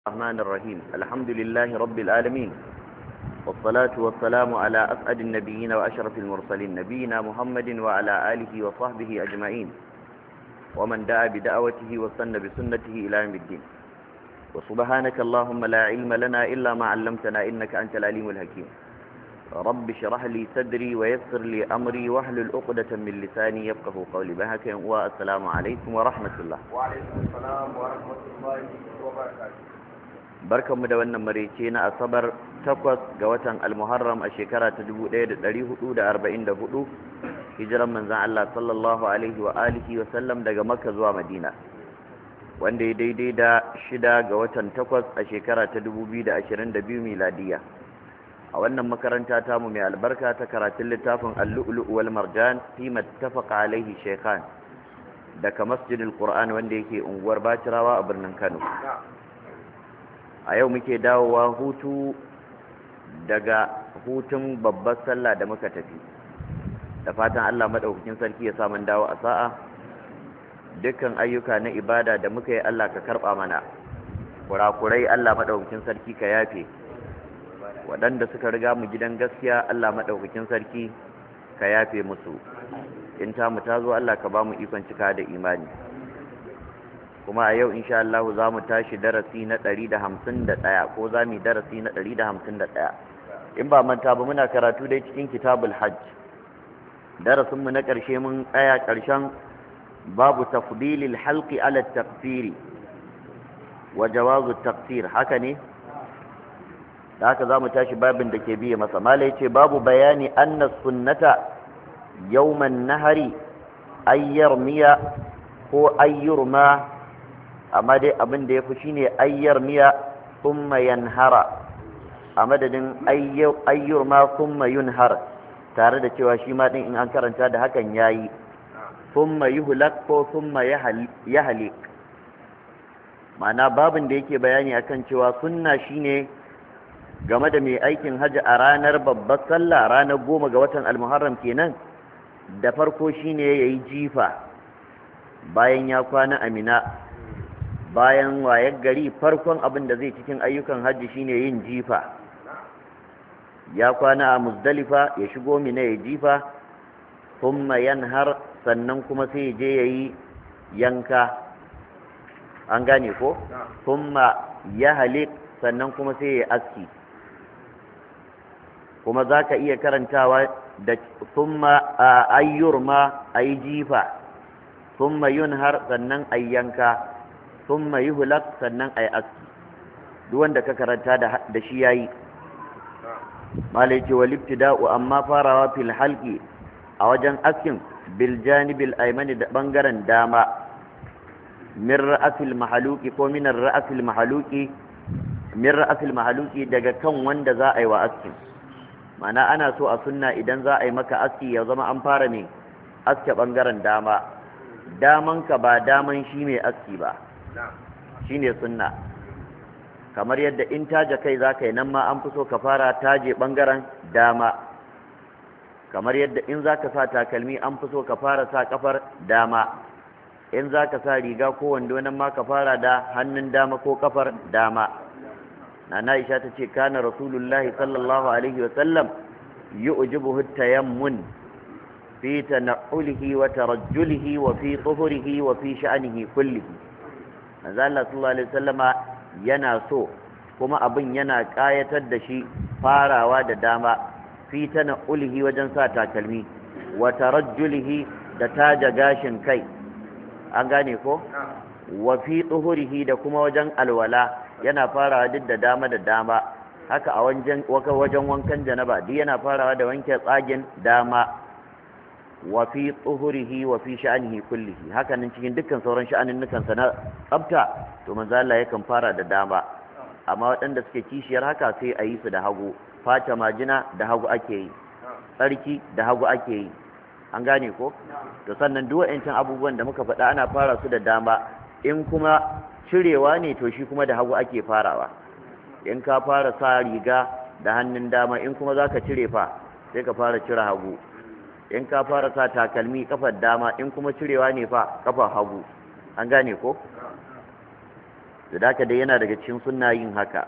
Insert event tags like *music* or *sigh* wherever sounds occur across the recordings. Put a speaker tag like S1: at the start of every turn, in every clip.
S1: الرحمن الرحيم الحمد لله رب العالمين والصلاة والسلام على أسعد النبيين وأشرف المرسلين نبينا محمد وعلى آله وصحبه أجمعين ومن دعا بدعوته وسن بسنته إلى يوم الدين وسبحانك اللهم لا علم لنا إلا ما علمتنا إنك أنت العليم الحكيم رب اشرح لي صدري ويسر لي أمري واحلل عقدة من لساني يفقه قولي بهك والسلام عليكم ورحمة الله
S2: وعليكم السلام ورحمة الله وبركاته
S1: barkanmu da wannan marece na asabar takwas ga watan almuharram a shekara ta 1444 hijiran manzan Allah sallallahu alaihi wa alihi wa sallam daga makka zuwa madina wanda ya daidai da shida ga watan takwas a shekara ta 2022 miladiya a wannan makaranta tamu mai albarka ta karatun littafin al-lu'lu' wal marjan fi mattafaqa alaihi shaykhan daga masjidil qur'an wanda yake unguwar bacirawa a birnin kano a yau muke dawowa hutu daga hutun babbar sallah da muka tafi da fatan Allah madaukakin sarki ya samu dawo a sa'a dukkan ayyuka na ibada da muka yi Allah ka karba mana kurakurai Allah madaukakin sarki ka yafe waɗanda suka riga mu gidan gaskiya Allah madaukakin sarki ka yafe musu in ta mu ta Allah ka ba mu ikon cika da imani kuma a yau insha Allah za mu tashi darasi na 151 ko za mu darasi na 151 in ba manta ba muna karatu dai cikin kitabul hajj darasin mu na ƙarshe mun tsaya ƙarshen babu tafdilil halqi ala taqsiri wa jawazu taqsir haka ne da haka za mu tashi babin da ke biye masa mala ce babu bayani anna sunnata yawman nahari ayyar miya ko ayyurma amma dai abin da ya fi shine ayyar miya thumma yanhara a madadin ayyur ma kuma yunhar tare da cewa shi ma din in an karanta da hakan yayi thumma yuhlak ko thumma yahlik ma'ana babin da yake bayani akan cewa sunna shine game da mai aikin hajji a ranar babbar sallah ranar goma ga watan almuharram kenan da farko shine yayi jifa bayan ya kwana amina bayan wayar gari farkon abin da zai cikin ayyukan hajji shine yin jifa ya kwana a muzdalifa ya shigo mina ya jifa kuma yanhar sannan kuma sai ya je yayi yanka an gane ko ya halik sannan kuma sai ya aski kuma zaka iya karantawa da thumma ayyurma ayi jifa kuma yunhar sannan ayyanka sun mai hulak sannan a yi aski Duwanda ka karanta da shi ya yi malaiki walifti da'u amma farawa fil halki a wajen askin biljani bil aimani da bangaren dama min ra'asil mahaluki ko minar ra'asil mahaluki min ra'asil mahaluki daga kan wanda za a yi wa askin mana ana so a sunna idan za a yi maka aski ya zama an fara ne aske bangaren dama damanka ba daman shi mai aski ba shine sunna kamar yadda in taje kai ka yi nan ma an fi so ka fara taje bangaren dama kamar yadda in za ka sa takalmi an fi so ka fara sa kafar dama in za ka sa riga ko wando nan ma ka fara da hannun dama ko kafar dama nana Aisha ta ce kana rasulullahi sallallahu alaihi wa sallam yu'jibuhu tayammun tarajjulihi wa fi وفي wa fi sha'anihi كله manzo Allah sallallahu alaihi wasallama yana so kuma abin yana ƙayatar da shi farawa da dama fitana ulhi wajen sa takalmi wa tarajjulihi da taja gashin kai an gane ko wa fi da kuma wajen alwala yana farawa duk da dama da dama haka a wajen wajen wankan janaba duk yana farawa da wanke tsagin dama wa fi tsuhurihi wa fi sha'anihi kullihi hakanan cikin dukkan sauran sha'anin nukansa na tsabta to manzo Allah yakan fara da dama amma waɗanda suke kishiyar haka sai a yi su da hagu fata majina da hagu ake yi tsarki da hagu ake yi an gane ko to sannan duk wa'ancan abubuwan da muka faɗa ana fara su da dama in kuma cirewa ne to shi kuma da hagu ake farawa in ka fara sa riga da hannun dama in kuma za ka cire fa sai ka fara cire hagu in ka fara sa takalmi kafar dama in kuma cirewa ne fa kafar hagu an gane ko da daka dai yana daga cikin sunna yin haka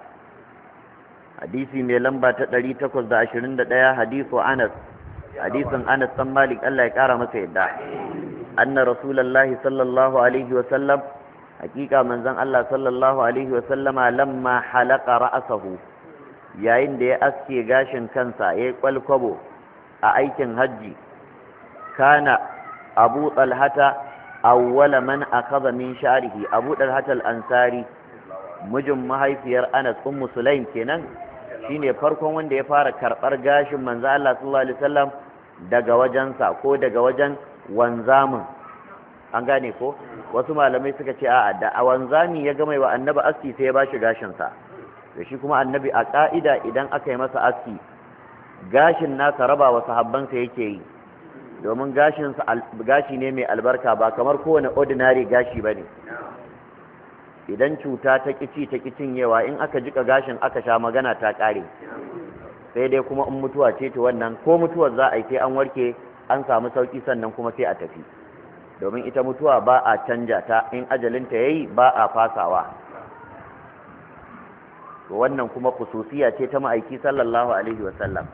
S1: hadisi mai lamba ta 821 hadisu anas hadisin anas dan malik Allah ya kara masa yadda anna rasulullahi sallallahu alaihi wa sallam hakika manzon Allah sallallahu alaihi wa sallama lamma halaka ra'asahu, yayin da ya aske gashin kansa ya kwalkwabo a aikin hajji kana abu talhata awwala man akhadha min sha'rihi abu talhata al-ansari mijin mahaifiyar Anas ummu Sulaim kenan shine farkon wanda ya fara karɓar gashin manzo Allah sallallahu daga wajensa ko daga wajen wanzamin an gane ko wasu malamai suka ce a'a da a wanzami ya ga mai wa annabi aski sai ya bashi gashin sa da shi kuma annabi a ƙa'ida idan aka yi masa aski gashin nasa raba wa sahabbansa yake yi domin gashinsa gashi ne mai albarka ba kamar kowane ordinary gashi ba ne idan cuta ta ƙici ta yawa, in aka jika gashin aka sha magana ta ƙare sai dai kuma in mutuwa ce ta wannan ko mutuwar za a yi sai an warke an samu sauƙi sannan kuma sai a tafi domin ita mutuwa ba a canja ta in ajalinta ya yi ba a fasawa wannan kuma kususiya ce ta ma'aiki sallallahu alaihi wasallam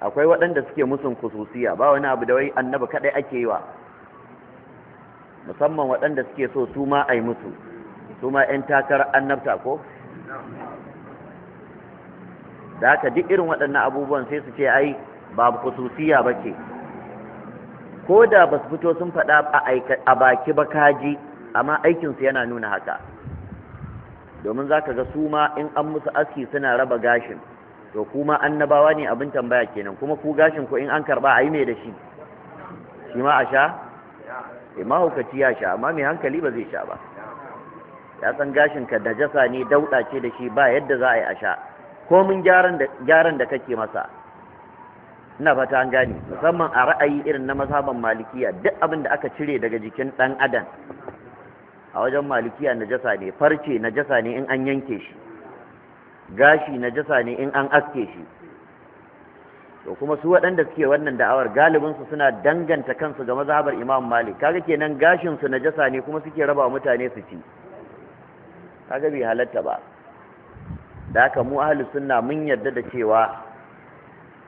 S1: akwai waɗanda suke musun kususiya ba wani abu da wai annaba kaɗai ake yi wa musamman waɗanda suke so su ma a yi musu su ma 'yan takarar annabta ko da haka duk irin waɗannan abubuwan sai su ce ai ba kususiya ba ce ko da ba su fito sun faɗa a baki ba kaji amma aikinsu yana nuna haka domin za ka ga su ma in an musu aski suna raba gashin to kuma annabawa ne abin tambaya kenan kuma ku gashin ku in an karba a yi mai da shi shi ma a sha eh, ma hukaci ya sha amma mai hankali ba zai sha ba ya san gashin ka jasa ne dauda ce da shi ba yadda za a yi a sha mun gyaran da kake masa ina fata an gane musamman a ra'ayi irin na mazhaban malikiya duk abin da aka cire daga jikin ɗan adam a wajen malikiya najasa ne farce najasa ne in an yanke shi gashi na jasa ne in an aske shi to kuma su waɗanda suke wannan da'awar galibinsu suna danganta kansu ga mazhabar imam malik kaga kenan gashinsu jasa ne kuma suke raba mutane su ci kaga bai halarta ba da haka mu ahli sunna mun yarda da cewa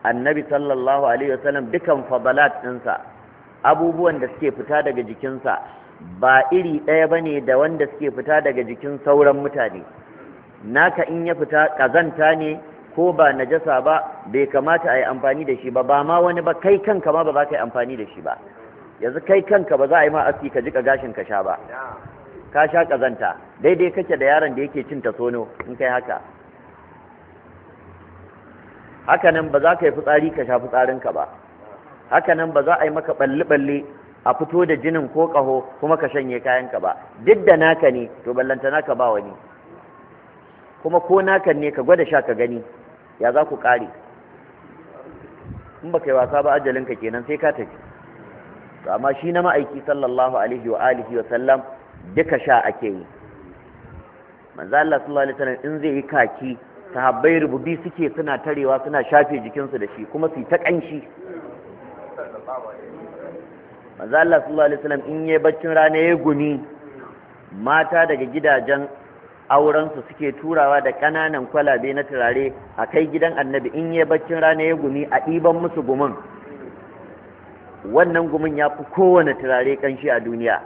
S1: annabi sallallahu alaihi wasallam dukan fadalat ɗinsa abubuwan da suke fita daga jikinsa ba iri ɗaya bane da wanda suke fita daga jikin sauran mutane naka in ya fita kazanta ne ko ba najasa ba bai kamata a amfani da shi ba ba ma wani ba kai kanka ma ba za ka yi amfani da shi ba yanzu kai kanka ba za a yi ma aski ka jika gashin ka sha ba ka sha kazanta daidai kake da yaron da yake cin tasono in kai haka haka nan ba za ka yi fitsari ka sha ka ba haka nan ba za a yi maka balle-balle a fito da jinin ko kaho kuma ka shanye kayanka ba duk da naka ne to ballanta naka ba wani kuma ko nakan ne ka gwada sha ka gani ya za ku ƙare in ba kai wasa ba ajalinka kenan sai ka tafi to amma shi na ma'aiki sallallahu alaihi wa alihi wa sallam duka sha ake yi manzo Allah sallallahu alaihi wasallam in zai yi kaki sahabbai rububi suke suna tarewa suna shafe jikinsu da shi kuma su ta kanshi manzo Allah sallallahu alaihi wasallam in yayi baccin rana ya gumi mata daga gidajen aurensu suke turawa da ƙananan kwalabe na turare a kai gidan annabi in ya baccin rana ya gumi a ɗiban musu gumin wannan gumin ya fi kowane turare ƙanshi a duniya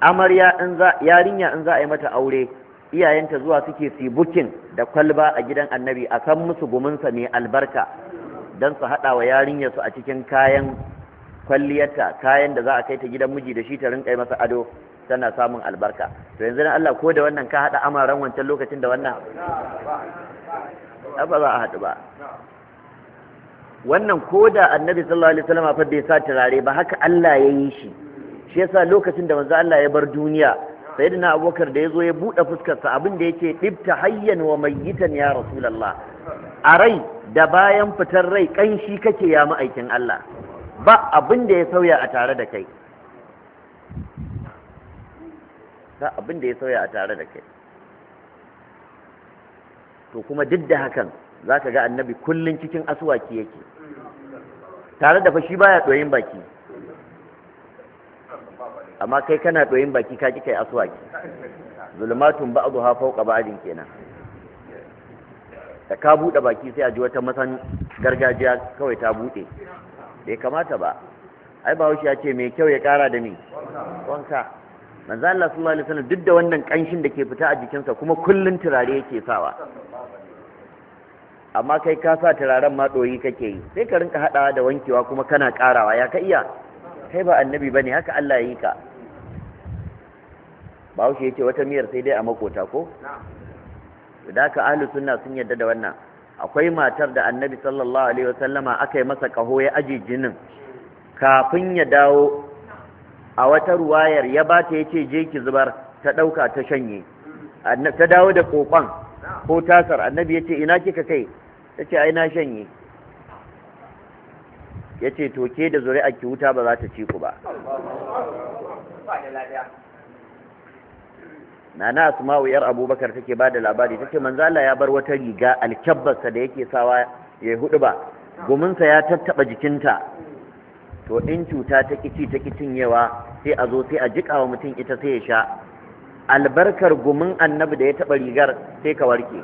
S1: amarya yarinya in za a yi mata aure iyayenta zuwa suke su bukin da kwalba a gidan annabi a kan musu guminsa mai albarka don su haɗa wa su a cikin kayan kwalliyarta kayan da za a kai ta gidan miji da shi ta rinƙa masa ado tana samun albarka to yanzu dan Allah ko da wannan ka hada amaran wancan lokacin da wannan
S2: ba za a haɗu
S1: ba wannan ko da annabi sallallahu alaihi wasallam fa bai sa turare ba haka Allah ya yi shi shi yasa lokacin da manzo Allah ya bar duniya sayyidina Abubakar da yazo ya bude fuskar sa abin da yake dibta hayyan wa mayyitan ya rasulullah a rai da bayan fitar rai kanshi kake ya aikin Allah ba abin da ya sauya a tare da kai Ka abin da ya sauya a tare da kai to kuma duk da hakan za ka ga annabi kullum cikin asuwaki yake tare da fashi baya ɗoyin baki amma kai kana ɗoyin baki ka kai asuwaki zulmatun ba'adu ha fauka ba'adin kenan da ka buɗe baki sai a ji wata masan gargajiya kawai ta buɗe bai kamata ba ai bahaushe ya ce mai kyau ya ƙara da ni? wanka manzo Allah sallallahu alaihi wasallam duk da wannan kanshin da ke fita a jikinsa kuma kullun turare yake sawa amma kai ka sa turaren ma doyi kake yi sai ka rinka hadawa da wankewa kuma kana karawa ya ka iya kai ba annabi bane haka Allah ya yi ka bahaushe ce wata miyar sai dai a makota ko da haka ahlus sunna sun yarda da wannan akwai matar da annabi sallallahu alaihi wasallama aka yi masa kaho ya aji jinin kafin ya dawo a wata ruwayar ya ba ta yace je ki zubar ta ɗauka ta shanye ta dawo da kokon ko tasar annabi yace ina kika kai tace ai na shanye yace to ke da zuri'a ki wuta ba za ta ci ku ba nana asma'u yar abubakar take bada labari take manzo Allah ya bar wata riga alkabbarsa da yake sawa ya hudu ba guminsa ya tattaba jikinta to in cuta ta kici ta kicin yawa sai a zo sai a wa mutum ita sai ya sha albarkar gumin annabi da ya taɓa rigar sai ka warke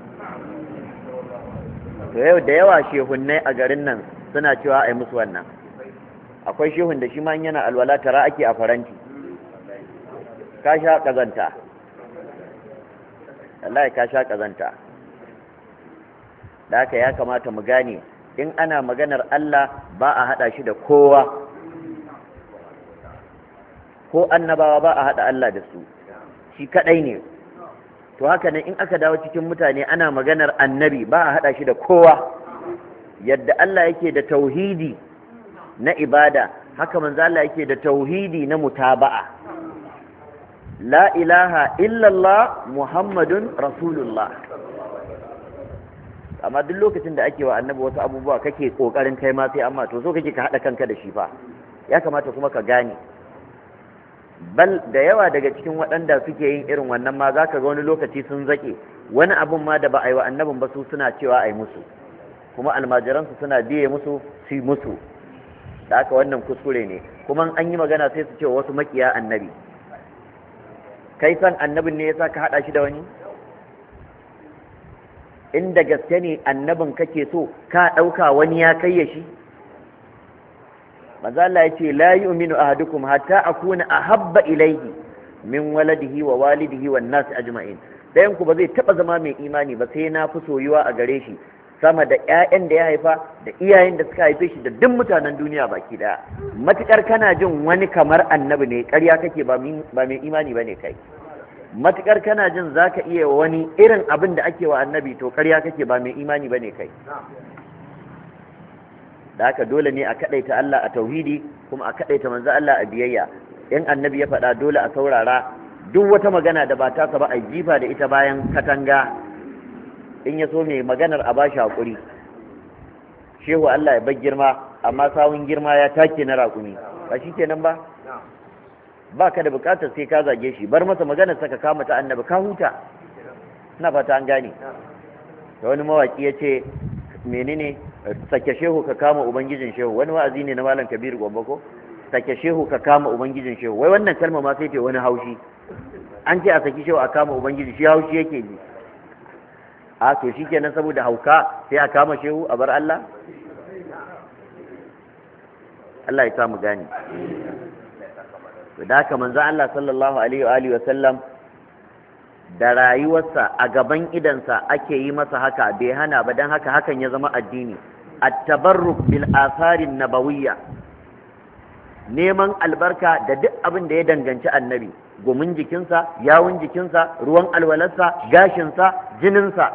S1: to yau da yawa shehunnai a garin nan suna cewa a yi musu wannan akwai shehun da shi ma yana alwala tara ake a faranti ka sha kazanta wallahi ka sha ƙazanta da haka ya kamata mu gane in ana maganar Allah ba a haɗa shi da kowa ko annabawa ba a haɗa Allah da su shi kaɗai ne to haka nan in aka dawo cikin mutane ana maganar annabi ba a haɗa shi da kowa yadda Allah yake da tauhidi na ibada haka manzo Allah yake da tauhidi na mutaba'a la ilaha illallah muhammadun rasulullah amma duk lokacin da ake wa annabi wasu abubuwa kake kokarin kai ma sai amma to so kake ka haɗa kanka da shi fa ya kamata kuma ka gane bal da yawa daga cikin waɗanda suke yin irin wannan ma za ka ga wani lokaci sun zaƙe wani abun ma da ba a yi wa annabin ba su suna cewa a yi musu kuma almajiransu suna biye musu su yi musu da aka wannan kuskure ne kuma an yi magana sai su ce wasu makiya annabi kai san annabin ne yasa ka haɗa shi da wani inda gaske ne annabin kake so ka ɗauka wani ya kai shi manzo Allah yace la yu'minu ahadukum hatta a habba ilayhi min waladihi wa walidihi wan nas ajma'in dayan ku ba zai taɓa zama mai imani ba sai na fi soyuwa a gare shi sama da ƴaƴan da ya haifa da iyayen da suka haife shi da duk mutanen duniya baki daya matukar kana jin wani kamar annabi ne ƙarya kake ba mai imani bane kai matukar kana jin zaka iya wani irin abin da ake wa annabi to ƙarya kake ba mai imani bane kai da haka dole ne a kadaita Allah a tauhidi kuma a kadaita manzo Allah a biyayya in annabi ya faɗa dole a saurara duk wata magana da ba ta ba a jifa da ita bayan katanga in ya so mai maganar a bashi hakuri shehu Allah ya bar girma amma sawun girma ya take na rakumi ba shi kenan ba ba ka da bukatar sai ka zage shi bar masa maganar saka kama ta annabi ka huta na fata an gane da wani mawaki ya ce menene sake shehu ka kama ubangijin shehu wani wa'azi ne na malam kabir gombe ko sake shehu ka kama ubangijin shehu wai wannan kalma ma sai ta wani haushi an ce a saki shehu a kama ubangiji shi haushi yake ji a to shi kenan saboda hauka sai a kama shehu a bar Allah Allah ya samu gani to da haka manzo Allah sallallahu alaihi wa alihi wa sallam da rayuwarsa a gaban idansa ake yi masa haka bai hana ba don haka hakan ya zama addini at-tabarruk bil asarin nabawiyya neman albarka da duk abin da ya danganci annabi gumin jikinsa yawun jikinsa ruwan alwalarsa gashinsa jininsa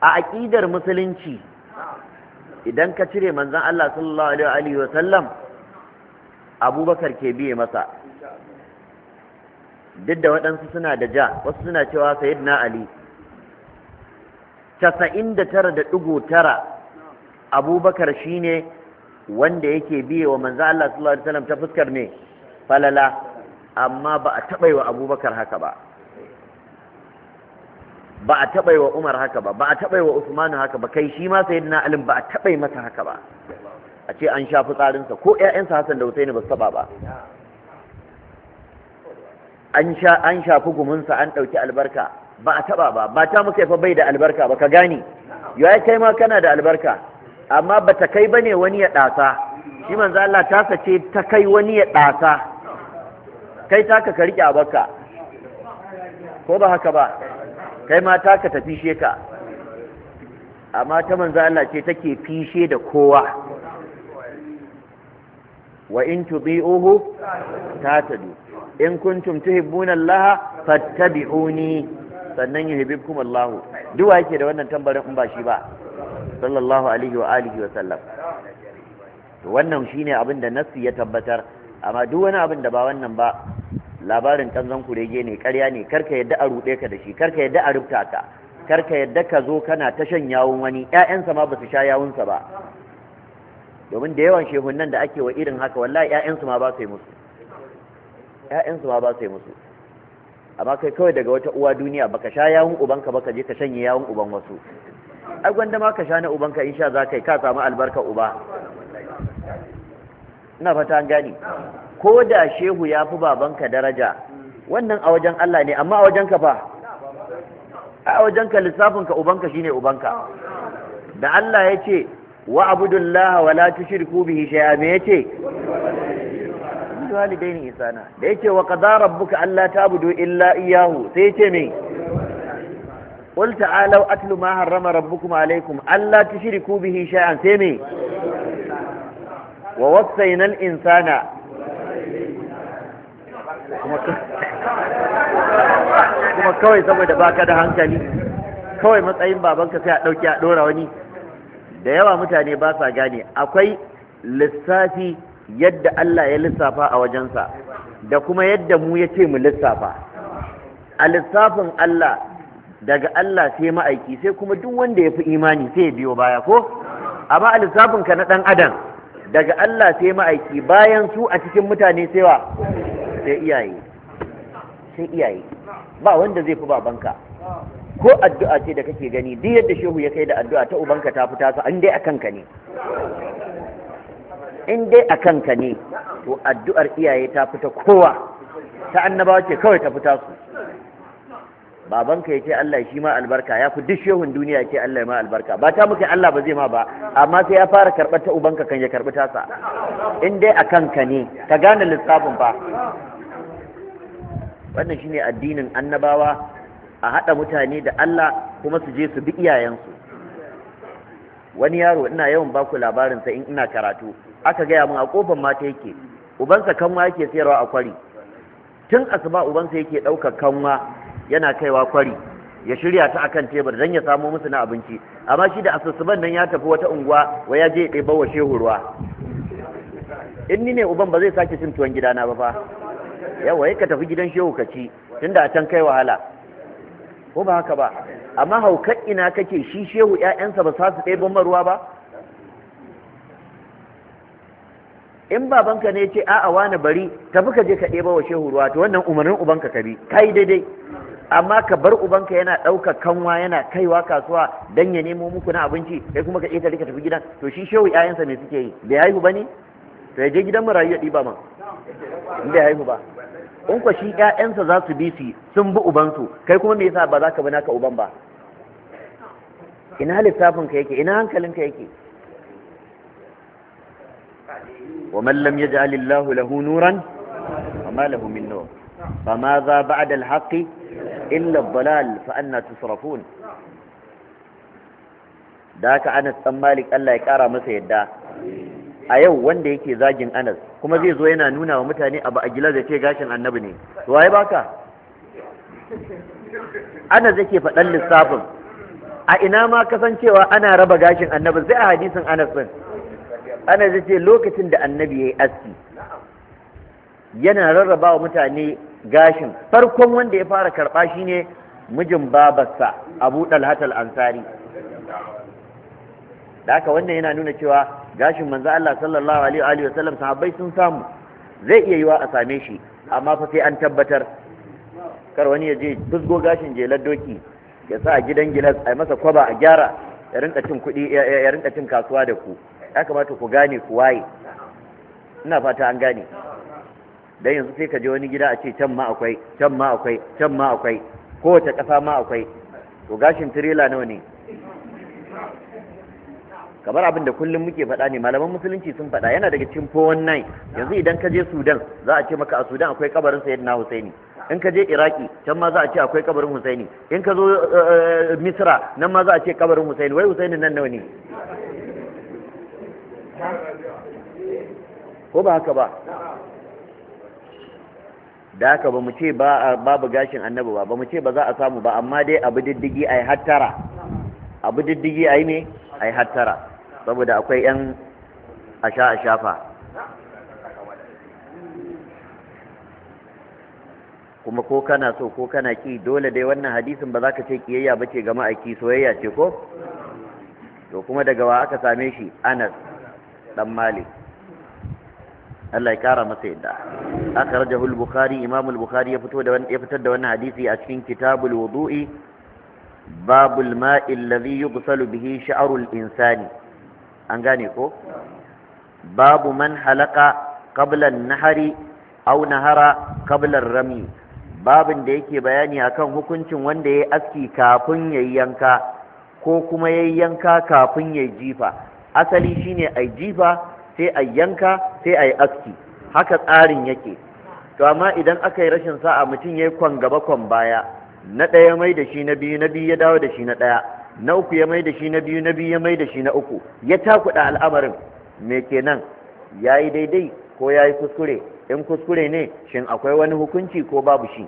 S1: a aƙidar musulunci idan ka cire manzon Allah sallallahu alaihi wa sallam abubakar ke biye masa duk da waɗansu suna da ja wasu suna cewa na ali casa'in da tara da ɗigo tara abubakar shi ne wanda yake biye wa manzo Allah sallallahu alaihi wasallam ta fuskar ne falala amma ba a taɓa wa abubakar haka ba ba a taɓa wa umar haka ba ba a taɓa wa usmanu haka ba kai shi ma na ali ba a taɓa masa haka ba a ce an sha fitsarinsa ko 'ya'yansa Hassan da Husaini ba su taɓa ba an sha an shafi gumunsa an ɗauki albarka ba a taɓa ba mata muka fa bai da albarka ba ka gani ya kai ma kana da albarka amma ba ta kai bane wani ya ɗasa shi manzo Allah ta sace ta kai wani ya ɗasa kai ta ka riƙe abarka ko ba haka ba kai ma taka ta fishe ka amma ta manzo Allah ce take fishe da kowa wa in tubi'uhu tadu in kuntum tuhibbuna Allah fattabi'uni sannan yuhibbukum Allah duk yake da wannan tambarin in ba shi ba sallallahu alaihi wa alihi wa sallam to wannan shine abin da nassi ya tabbatar amma duk wani abin da ba wannan ba labarin kanzon kurege ne ƙarya ne karka yadda a ruɗe ka da shi karka yadda a rubta ka karka yadda ka zo kana ta shan yawun wani ƴaƴansa ma ba su sha yawunsa ba domin da yawan nan da ake wa irin haka wallahi ƴaƴansu ma ba su yi musu ƴaƴansu ma ba su yi musu amma kai kawai daga wata uwa duniya baka sha yawun ubanka ba ka je ka shanye yawun uban wasu ai gwanda ma ka sha na ubanka in sha za ka yi ka samu albarka uba ina fata an gani ko da shehu ya fi babanka daraja wannan a wajen Allah ne amma a wajen ka fa a wajen ka lissafin ka ubanka shine ubanka da Allah ya ce wa abudullaha wala la tushriku bihi shay'a me yace bil isana ihsana da yake wa qada rabbuka alla ta'budu illa iyyahu sai yace me qul ta'alu atlu ma harrama rabbukum alaykum alla tushriku bihi shay'an sai me wa wassayna al insana
S2: kuma kawai saboda baka da hankali
S1: kawai matsayin babanka sai a dauki a dora wani da yawa mutane ba sa gane akwai lissafi yadda Allah ya lissafa a wajensa da kuma yadda mu ya ce mu lissafa a lissafin Allah daga Allah sai ma'aiki sai kuma duk wanda ya fi imani sai ya biyo baya ko amma a lissafin ka na ɗan adam daga Allah sai ma'aiki bayan su a cikin mutane sai wa sai iyaye sai iyaye ba wanda zai fi babanka ko addu'a ce da kake gani duk yadda shehu ya kai da addu'a ta ubanka ta fita su an dai a kanka ne in dai a kanka ne to addu'ar iyaye ta fita kowa ta annabawa ce kawai ta fita su babanka ya ce Allah shi ma albarka ya fi duk shehun duniya ce Allah ma albarka ba ta muka Allah ba zai ma ba amma sai ya fara karɓar ta ubanka kan ya karɓi tasa in dai a kanka ne ka gane lissafin ba. wannan shine addinin annabawa a haɗa mutane da Allah kuma su je su bi iyayensu wani yaro ina yawan baku labarin sa in ina karatu aka gaya mun a kofar mata yake ubansa kanwa yake sayarwa a kwari tun asuba ubansa yake ɗaukar kanwa yana kaiwa kwari ya shirya ta akan tebur don ya samo musu na abinci amma shi da asusuban nan ya tafi wata unguwa wai ya je ya ɗebo wa shehu ruwa in ni ne uban ba zai sake cin tuwon gidana ba fa yawa ka tafi gidan shehu ka ci tunda a can kai wahala ko ba haka ba amma haukar ina kake shi shehu ‘ya'yansa ba sa su ɗaya maruwa ba in babanka ne ce a'a wani bari tafi ka je ka ɗeba wa shehu ruwa to wannan umarnin ubanka ka bi kai daidai amma ka bar ubanka yana ɗauka kanwa yana kaiwa kasuwa don ya nemo muku na abinci kai kuma ka ƙetare ka tafi gidan to shi shehu ‘ya'yansa ne suke yi bai haihu ba ne to ya je gidan marayu ya ɗiba man in bai haihu ba in kwa shi ‘ya'yansa za su bi su sun bi ubansu kai kuma me yasa ba za ka bi naka uban ba ina lissafinka yake ina hankalinka yake wa man lam yaj'al Allahu lahu nuran fama lahu min nur fama fa anna tusrafun da haka Anas dan Malik Allah ya kara masa yadda a yau wanda yake zagin Anas kuma zai zo yana nuna wa mutane abu a gilar da ce gashin annabi ne waye baka
S2: Anas yake faɗan lissafin
S1: a ina ma kasancewa ana raba gashin annabi sai a hadisin anas din anas ce lokacin da annabi ya yi aski yana rarraba wa mutane gashin farkon wanda ya fara karba shine mijin babarsa abu dalhatal ansari da haka wannan yana nuna cewa gashin manzo Allah sallallahu alaihi wa sallam sahabbai sun samu zai iya yiwa a same shi amma fa sai an tabbatar kar wani ya je fusgo gashin jelar doki ya sa a gidan gilas a masa kwaba a gyara ya rinka cin kuɗi ya rinka cin kasuwa da ku ya kamata ku gane ku waye ina fata an gane dan yanzu sai ka je wani gida a ce can ma akwai can ma akwai can ma akwai kowace ƙasa ma akwai to gashin tirela nawa ne kamar abin da kullum muke faɗa ne malaman musulunci sun faɗa yana daga cikin 419 yanzu idan ka je sudan za a ce maka a sudan akwai kabarin sayyidina husaini in ka je iraki can ma za a ce akwai kabarin husaini in ka zo eh, eh, misra nan ma za a ce kabarin husaini wai husaini nan nawa ne ko ba haka ba da haka ba mu ce babu gashin annabi ba ba mu ce ba za a samu ba amma dai abu diddigi a yi hattara abu diddigi a yi ne a yi hattara saboda akwai 'yan asha a shafa kuma ko kana so ko kana ki dole dai wannan hadisin ba za ka ce kiyayya ba ce ga ma'aiki soyayya ce ko to kuma daga wa aka same shi anas dan malik Allah ya kara masa yadda Aka raja bukhari imam al-bukhari ya fito ya fitar da wannan hadisi a cikin kitabul wudu'i babul ma'i alladhi yughsalu bihi sha'rul insani an gane ko babu man halaka qabla an-nahari aw nahara qabla ar-rami babin da yake bayani akan hukuncin wanda ya aski kafin ya yanka ko kuma ya yanka kafin ya jifa asali shine a jifa sai ai yanka sai a aski haka tsarin yake to amma idan aka yi rashin sa'a mutum ya yi kwan gaba kwan baya na ɗaya mai da shi na biyu na biyu ya dawo da shi na ɗaya na uku ya mai da shi na biyu na biyu ya mai da shi na uku ya takuɗa al'amarin me kenan ya yi daidai ko ya yi kuskure in kuskure ne shin akwai wani hukunci ko babu shi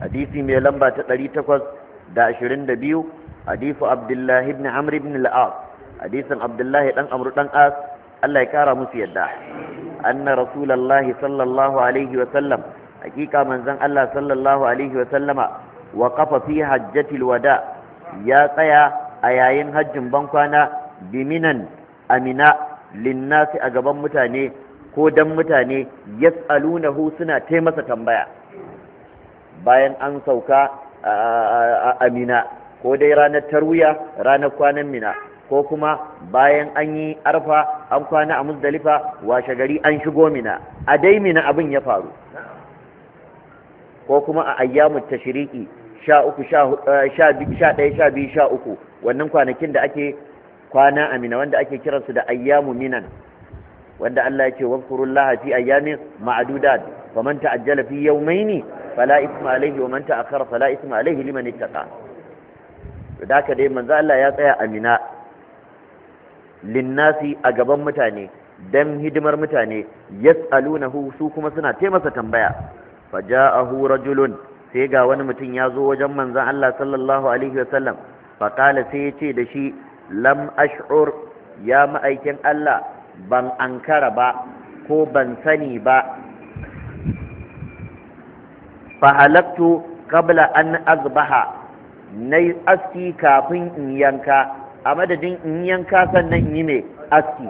S1: hadisi mai lamba ta 822 hadisu abdullahi ibn amr ibn al-as hadisin abdullahi dan amru dan as Allah ya kara musu yadda anna rasulullahi sallallahu alaihi wa sallam hakika manzon Allah sallallahu alaihi wa sallama wa waqafa fi hajjatil wada ya tsaya a yayin hajjin bankwana biminan amina linnasi a gaban mutane ko dan mutane yas'alunahu suna tai masa tambaya bayan an sauka a mina ko dai ranar tarwiya ranar kwanan mina ko kuma bayan an yi arfa an kwana a muzdalifa washe gari an shigo mina a dai mina abin ya faru ko kuma a ayyamun tashiriki sha uku sha eh, sha biyu sha uku wannan kwanakin da ake kwana amina wanda ake kiransu da ayyamu minan wanda Allah ya ce wa wazkurullaha fi ayyamin ma'dudat faman ta'ajjala fi yawmayn fala isma alayhi wa man ta'akhkhara fala isma alayhi liman ittaqa da ka dai manzo Allah ya tsaya amina linnasi a gaban mutane dan hidimar mutane yas'alunahu su kuma suna taimasa tambaya faja'ahu rajulun sai ga wani mutum ya zo wajen manzon Allah sallallahu alaihi wa sallam faqala sai ya ce da shi lam ash'ur ya ma'aikin Allah ban ankara ba ko ban sani ba halaktu qabla an azbaha nay aski kafin in yanka a madadin in yanka sannan in yi mai aski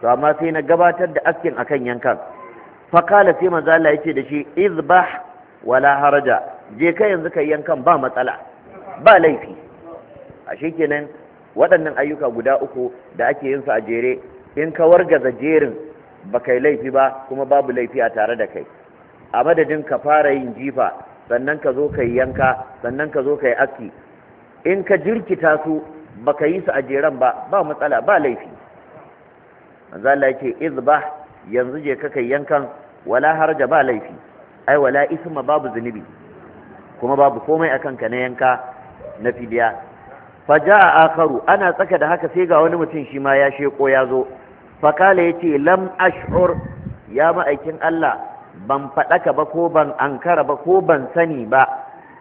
S1: to amma sai na gabatar da askin akan yankan fakala sai manzo Allah yace da shi izbah wala haraja je ka yanzu ka yankan ba matsala ba laifi ashe kenan waɗannan ayyuka guda uku da ake yin su a jere in ka wargaza jerin ba kai laifi ba kuma babu laifi a tare da kai a madadin ka fara yin jifa sannan ka zo ka yi yanka sannan ka zo ka aski in ka jirkita su ba ka yi su a jeren ba ba matsala ba laifi manzo Allah yake izbah yanzu je ka kai yankan wala harja ba laifi ai wala isma babu zunubi kuma babu komai akan ka na yanka na fidiya a akaru ana tsaka da haka sai ga wani mutum shi ma ya sheko ya zo fakala yace lam ash'ur ya ma'aikin Allah ban faɗaka ba ko ban ankara ba ko ban sani ba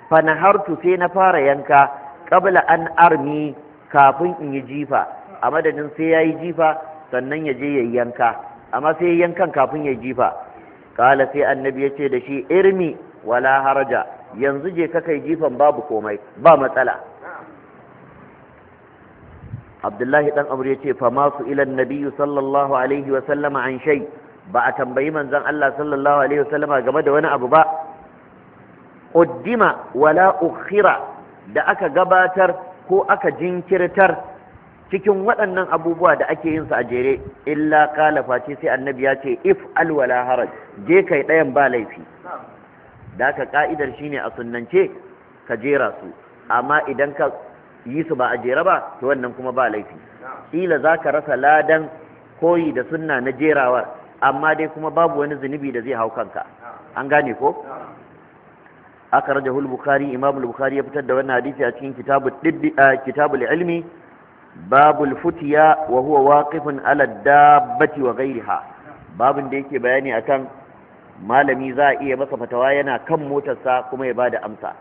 S1: fanahartu sai na fara yanka qabla an armi kafin in yi jifa a madadin sai yayi jifa sannan ya je yayi yanka amma sai yankan kafin ya jifa kala sai annabi yace da shi irmi wala haraja yanzu je ka kai jifan babu komai ba matsala abdullahi dan amr ya ce fa su ilan nabiyyu sallallahu alaihi wa sallama an shai ba a tambayi manzon Allah sallallahu alaihi wa sallama game da wani abu ba uddima wala ukhira da aka gabatar ko aka jinkirtar cikin waɗannan abubuwa da ake yin su a jere illa qala face sai annabi ya ce if al wala haraj je kai ɗayan ba laifi da ka ka'idar shine a sunnance ka jera su amma idan ka yi su ba a jera ba to wannan kuma ba laifi ila za ka rasa ladan koyi da sunna na jerawar amma dai kuma babu wani zunubi da zai hau kanka an gane ko aka raja bukhari imam bukhari ya fitar da wannan hadisi a cikin kitabul ilmi babul futiya wa huwa waqifun ala dabbati wa ghayriha babin da yake bayani akan malami za a iya masa fatawa yana kan motarsa kuma ya bada amsa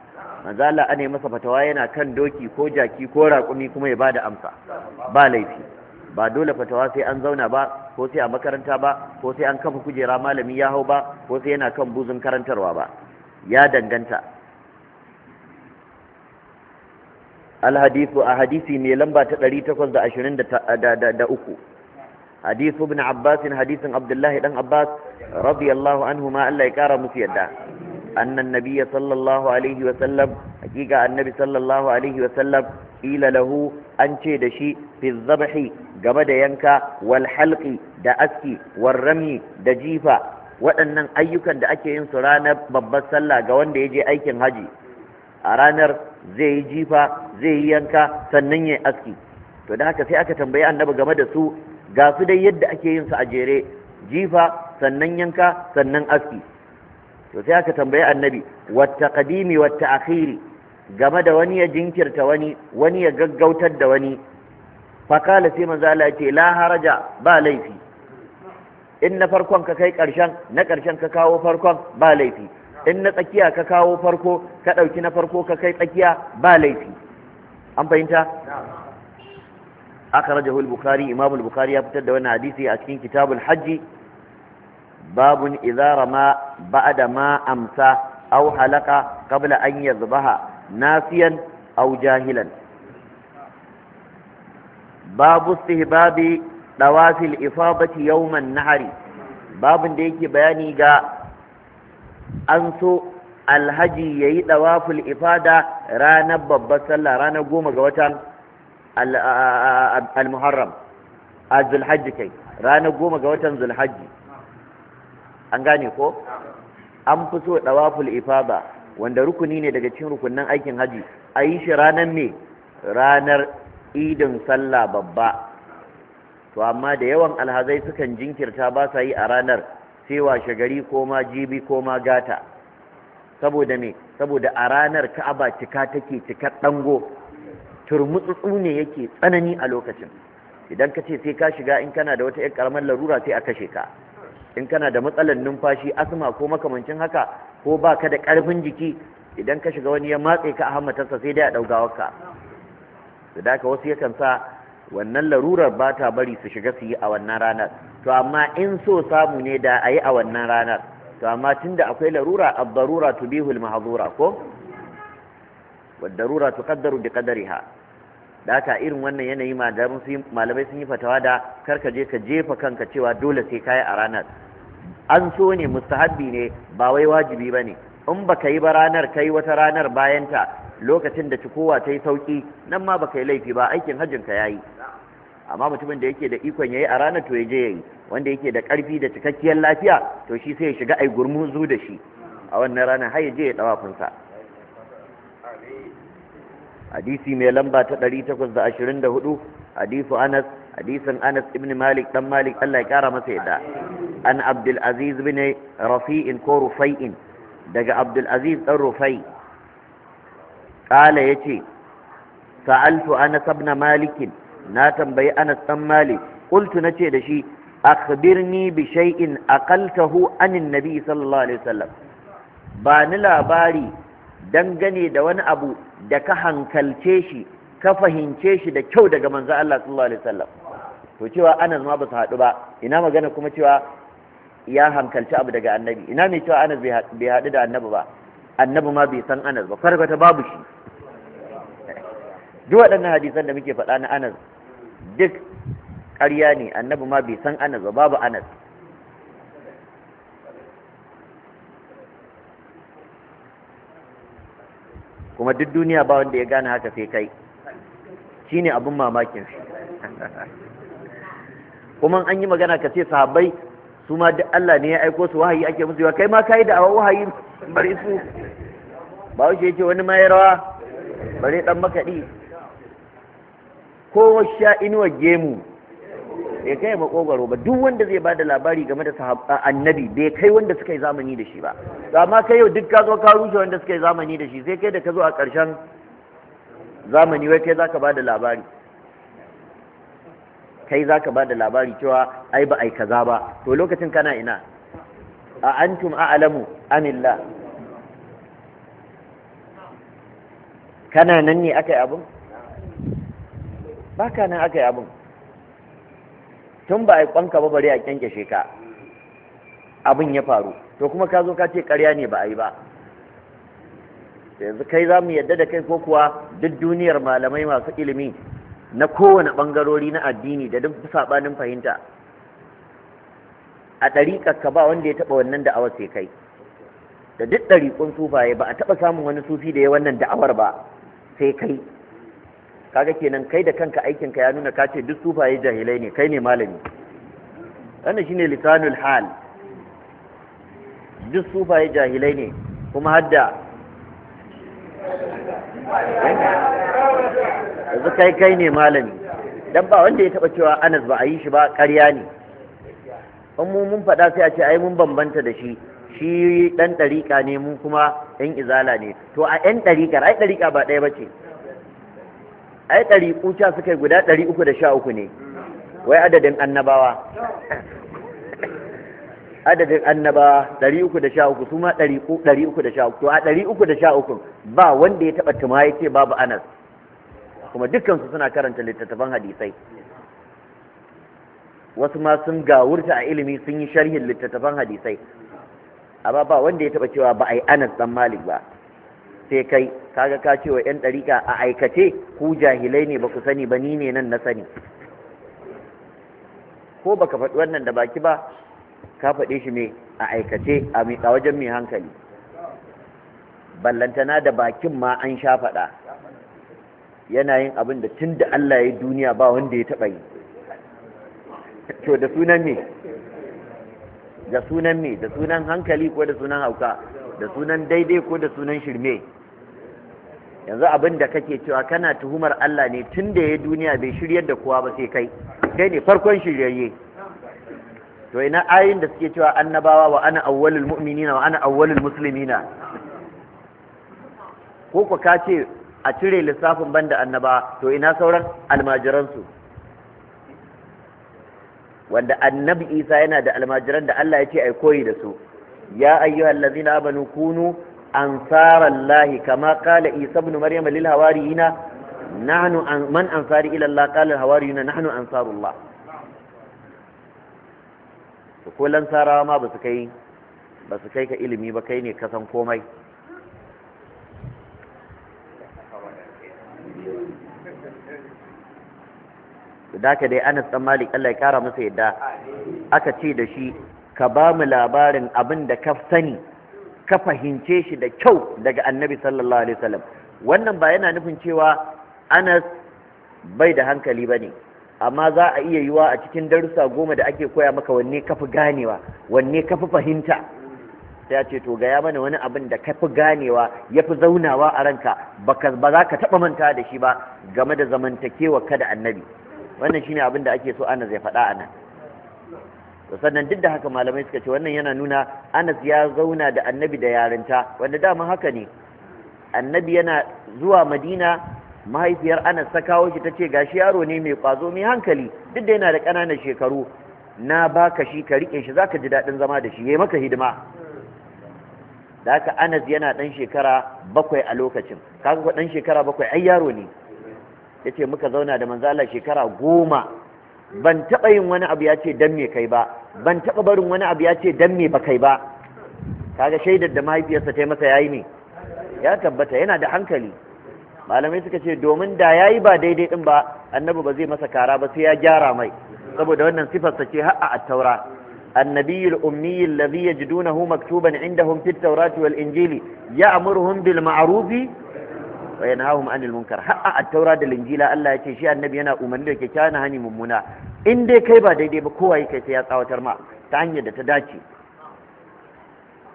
S1: manzo Allah masa fatawa yana kan doki ko jaki ko raƙumi kuma ya bada amsa ba laifi ba dole fatawa sai an zauna ba ko sai a makaranta ba ko sai an kafa kujera malami ya hau ba ko sai yana kan buzun karantarwa ba ya danganta alhadisu a hadisi mai lamba ta 823 hadisu ibn abbas hadisin abdullahi dan abbas radiyallahu anhu ma Allah ya kara musu yadda أن annabi صلى الله عليه وسلم حقيقة النبي صلى الله عليه وسلم قيل له أنشي دشي في الذبح قبد ينكا والحلق دا أسكي والرمي waɗannan ayyukan da ake yin su ranar babbar sallah ga wanda ya je aikin haji a ranar zai yi jifa zai yi yanka sannan ya yi aski to da haka sai aka tambayi annabi game da su ga su dai yadda ake yin su a jere jifa sannan yanka sannan aski to sai aka tambayi annabi Watta kadimi watta akhiri game da wani ya jinkirta wani wani ya gaggautar da wani fakala sai manzo Allah ya ce la haraja ba laifi in na farkon ka kai karshen na karshen ka kawo farkon ba laifi in na tsakiya ka kawo farko ka ɗauki na farko ka kai tsakiya ba laifi an fahimta akhrajahu al-bukhari imam al-bukhari ya fitar da wannan hadisi a cikin kitabul hajji babun idara ma ba'da ma amsa aw halaka qabla an yadhbaha nasiyan aw jahilan babu istihbabi dawafil ifadati yawman nahari Babu da yake bayani ga an so alhaji yayi dawaful ifada ranar babbar sallah ranar goma ga watan al-muharram a zulhajji kai ranar goma ga watan zulhajji an gane ko an fi so dawaful ifada wanda rukuni ne daga cikin rukunnan aikin haji a yi shi ranar me ranar idin sallah babba to amma da yawan alhazai sukan jinkirta ba sa yi a ranar sai washe gari ko ma jibi ko ma gata saboda me saboda a ranar ka'aba cika take cika dango turmutsutsu ne yake tsanani a lokacin idan ka ce sai ka shiga in kana da wata 'yar karamar larura sai a kashe ka in kana da matsalar numfashi asma ko makamancin haka ko baka da ƙarfin jiki idan ka shiga wani ya matse ka a hammatarsa sai dai a ɗaugawarka da ka wasu yakan sa wannan larurar ba ta bari su shiga su yi a wannan ranar to amma in so samu ne da a yi a wannan ranar to amma tun da akwai larura abdarura tubihul mahazura ko waddarura tuqaddaru bi da haka irin wannan yanayi malamai sun yi fatawa da karka je ka jefa kanka cewa dole sai kayi a ranar an so ne mustahabbi ne ba wai wajibi ba ne in ba ka yi ba ranar kai wata ranar bayanta lokacin da cikowa ta yi sauƙi nan ma ba ka yi laifi ba aikin hajjin ka ya yi amma mutumin da yake da ikon ya yi a ranar to ya je ya yi wanda yake da ƙarfi da cikakkiyar lafiya to shi sai ya shiga ai gurmuzu da shi a wannan ranar har ya je ya kunsa. hadisi mai lamba ta 824 hadisu anas hadisin anas ibn malik dan malik Allah ya kara masa yadda an abdul aziz bin ko rufai'in daga abdul aziz dan rufai qala yace sa'altu anas ibn malik na tambayi anas dan malik qultu nace da shi akhbirni bi shay'in aqaltahu anin nabi sallallahu alaihi wasallam ba ni labari dangane da wani abu da ka hankalce shi ka fahimce shi da kyau daga manzo Allah sallallahu alaihi wasallam to cewa Anas ma ba su haɗu ba ina magana kuma cewa ya hankalci abu daga annabi ina mai cewa Anas bai haɗu da annabi ba annabi ma bai san Anas ba farkata babu shi duk waɗannan hadisan da muke faɗa na Anas duk ƙarya ne annabi ma bai san Anas ba babu Anas kuma duk duniya ba wanda ya gane haka sai kai shine abin mamakin shi *laughs* kuma an yi magana ka ce sahabbai su ma duk Allah ne ya aiko su wahayi ake musu kai ma kai da awa wahayi bari su ba wuce yake wani ma ya rawa bare dan makaɗi ko sha inuwa gemu bai kai makogaro ba duk wanda zai bada labari game da annabi bai kai wanda suka yi zamani da shi ba amma kai yau duk ka zo ka rushe wanda suka yi zamani da shi sai kai da ka zo a ƙarshen zamani wai kai zaka bada labari kai zaka bada labari cewa ai ba ai kaza ba to lokacin kana ina a antum a'lamu amillah kana nan ne akai abun
S2: abin
S1: ba ka nan aka abin tun ba a kwanka ba bari a kyankyashe ka abin ya faru to kuma ka zo ka ce ƙarya ne ba a yi ba yanzu kai za mu yadda da kai ko kuwa duk duniyar malamai masu ilimi na kowane ɓangarori na addini da duk saɓanin fahimta a ɗariƙar ka ba wanda ya taɓa wannan da'awar sai kai da duk ɗariƙun sufaye ba a taɓa samun wani sufi da ya wannan da'awar ba sai kai kaga kenan kai da kanka aikin ka ya nuna ka ce duk sufaye jahilai ne kai ne malami wannan shine lisanul hal duk sufaye jahilai ne kuma hadda
S2: yanzu kai kai ne
S1: malami dan ba wanda ya taba cewa Anas ba a yi shi ba ƙarya ne in mu mun faɗa sai a ce ai mun bambanta da shi shi ɗan ɗariƙa ne mun kuma ɗan izala ne to a ɗan ɗariƙar ai ɗariƙa ba ɗaya ba ce ai ɗari kuca suka guda ɗari uku da sha uku ne wai adadin annabawa adadin annabawa ɗari uku da sha uku su ma ɗari uku da sha uku to a ɗari uku da sha uku ba wanda ya taɓa tuma ya ce babu anas kuma dukkansu suna karanta littattafan hadisai wasu ma sun gawurta a ilimi sun yi sharhin littattafan hadisai amma ba wanda ya taɓa cewa ba a yi anas ɗan malik ba sai kai kaga ka ce wa yan ɗariƙa a aikace ku jahilai ne ba ku sani ba ni ne nan na sani ko baka faɗi wannan da baki ba ka faɗe shi me a aikace a wajen mai hankali ballantana da bakin ma an sha faɗa yana yin abin da tun da Allah ya yi duniya ba wanda ya taɓa yi to da sunan me da sunan me da sunan hankali ko da sunan hauka da sunan daidai ko da sunan shirme yanzu abin da kake cewa kana tuhumar Allah ne tun da ya duniya bai shiryar da kowa ba sai kai kai ne farkon shiryayye to ina ayin da suke cewa annabawa wa ana awwalul mu'minina wa ana awwalul muslimina ko ku ka ce a cire lissafin banda annaba to ina sauran almajiransu wanda annabi Isa yana da almajiran da Allah ya ce ai koyi da su ya ayyuhallazina amanu kunu أنصار الله kama قال isa بن مريم للهواريين نحن من man ansari الله قال qala نحن أنصار الله كل أنصار ما بسكي ma basu kai كسن ilimi ba kai ne da ka dai Anas dan Malik Allah ya kara masa yadda aka ce da shi ka ba mu labarin abin da ka sani ka fahimce shi da kyau daga annabi sallallahu alaihi wasallam wannan ba yana nufin cewa anas bai da hankali ba ne amma za a iya yiwa a cikin darussa goma da ake koya maka wanne ka fi ganewa wanne ka fi fahimta sai ce to gaya mana wani abin da ka fi ganewa ya fi zaunawa a ranka ba za ka taɓa manta da shi ba game da zamantakewa ka da annabi wannan shine abin da ake so anas ya faɗa a nan to sannan duk da haka malamai suka ce wannan yana nuna Anas ya zauna da Annabi da yarinta wanda dama haka ne Annabi yana zuwa Madina mahaifiyar Anas ta kawo shi tace gashi yaro ne mai kwazo mai hankali duk da yana da ƙananan shekaru na baka shi ka rike shi zaka ji daɗin zama da shi yayi maka hidima da haka Anas yana ɗan shekara bakwai a lokacin kaga ko ɗan shekara bakwai ai yaro ne yace muka zauna da Manzala shekara goma ban taɓa yin wani abu ya ce dan me kai ba ban taɓa barin wani abu ya ce dan me ba kai ba kaga shaidar da mahaifiyarsa ta masa yayi ne ya tabbata yana da hankali malamai suka ce domin da yayi ba daidai din ba annabi ba zai masa kara ba sai ya gyara mai saboda wannan sifar sifarsa ce har a taura النبي الأمي الذي يجدونه مكتوبا عندهم في التوراة والإنجيل يأمرهم بالمعروف وينهاهم عن المنكر حقا التوراة والإنجيل shi يتشي النبي أنا da كان hani mummuna. in dai kai ba daidai ba kowa yi kai sai ya tsawatar ma ta hanyar da ta dace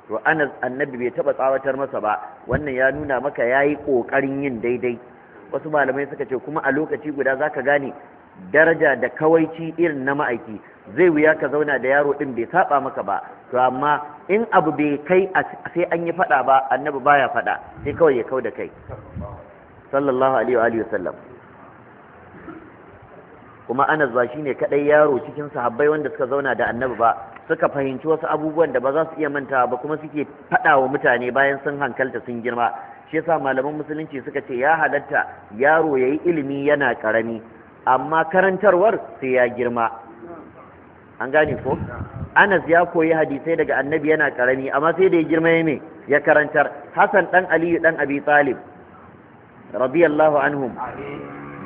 S1: to anas annabi bai taba tsawatar masa ba wannan ya nuna maka yayi kokarin yin daidai wasu malamai suka ce kuma a lokaci guda zaka gane daraja da kawaici irin na ma'aiki zai wuya ka zauna da yaro din bai saba maka ba to amma in abu bai kai sai an yi fada ba annabi baya fada sai kawai ya kau da kai sallallahu alaihi wa alihi wasallam kuma Anas ba shine kaɗai yaro cikin sahabbai wanda suka zauna da Annabi ba suka fahimci wasu abubuwan da ba za su iya mantawa ba kuma suke faɗa wa mutane bayan sun hankalta sun girma shi yasa malaman musulunci suka ce ya halatta yaro yayi ilimi yana karami amma karantarwar sai ya girma an gane ko Anas ya koyi hadisai daga Annabi yana karami amma sai da ya girma ya me ya karantar Hassan dan Aliyu dan Abi Talib radiyallahu anhum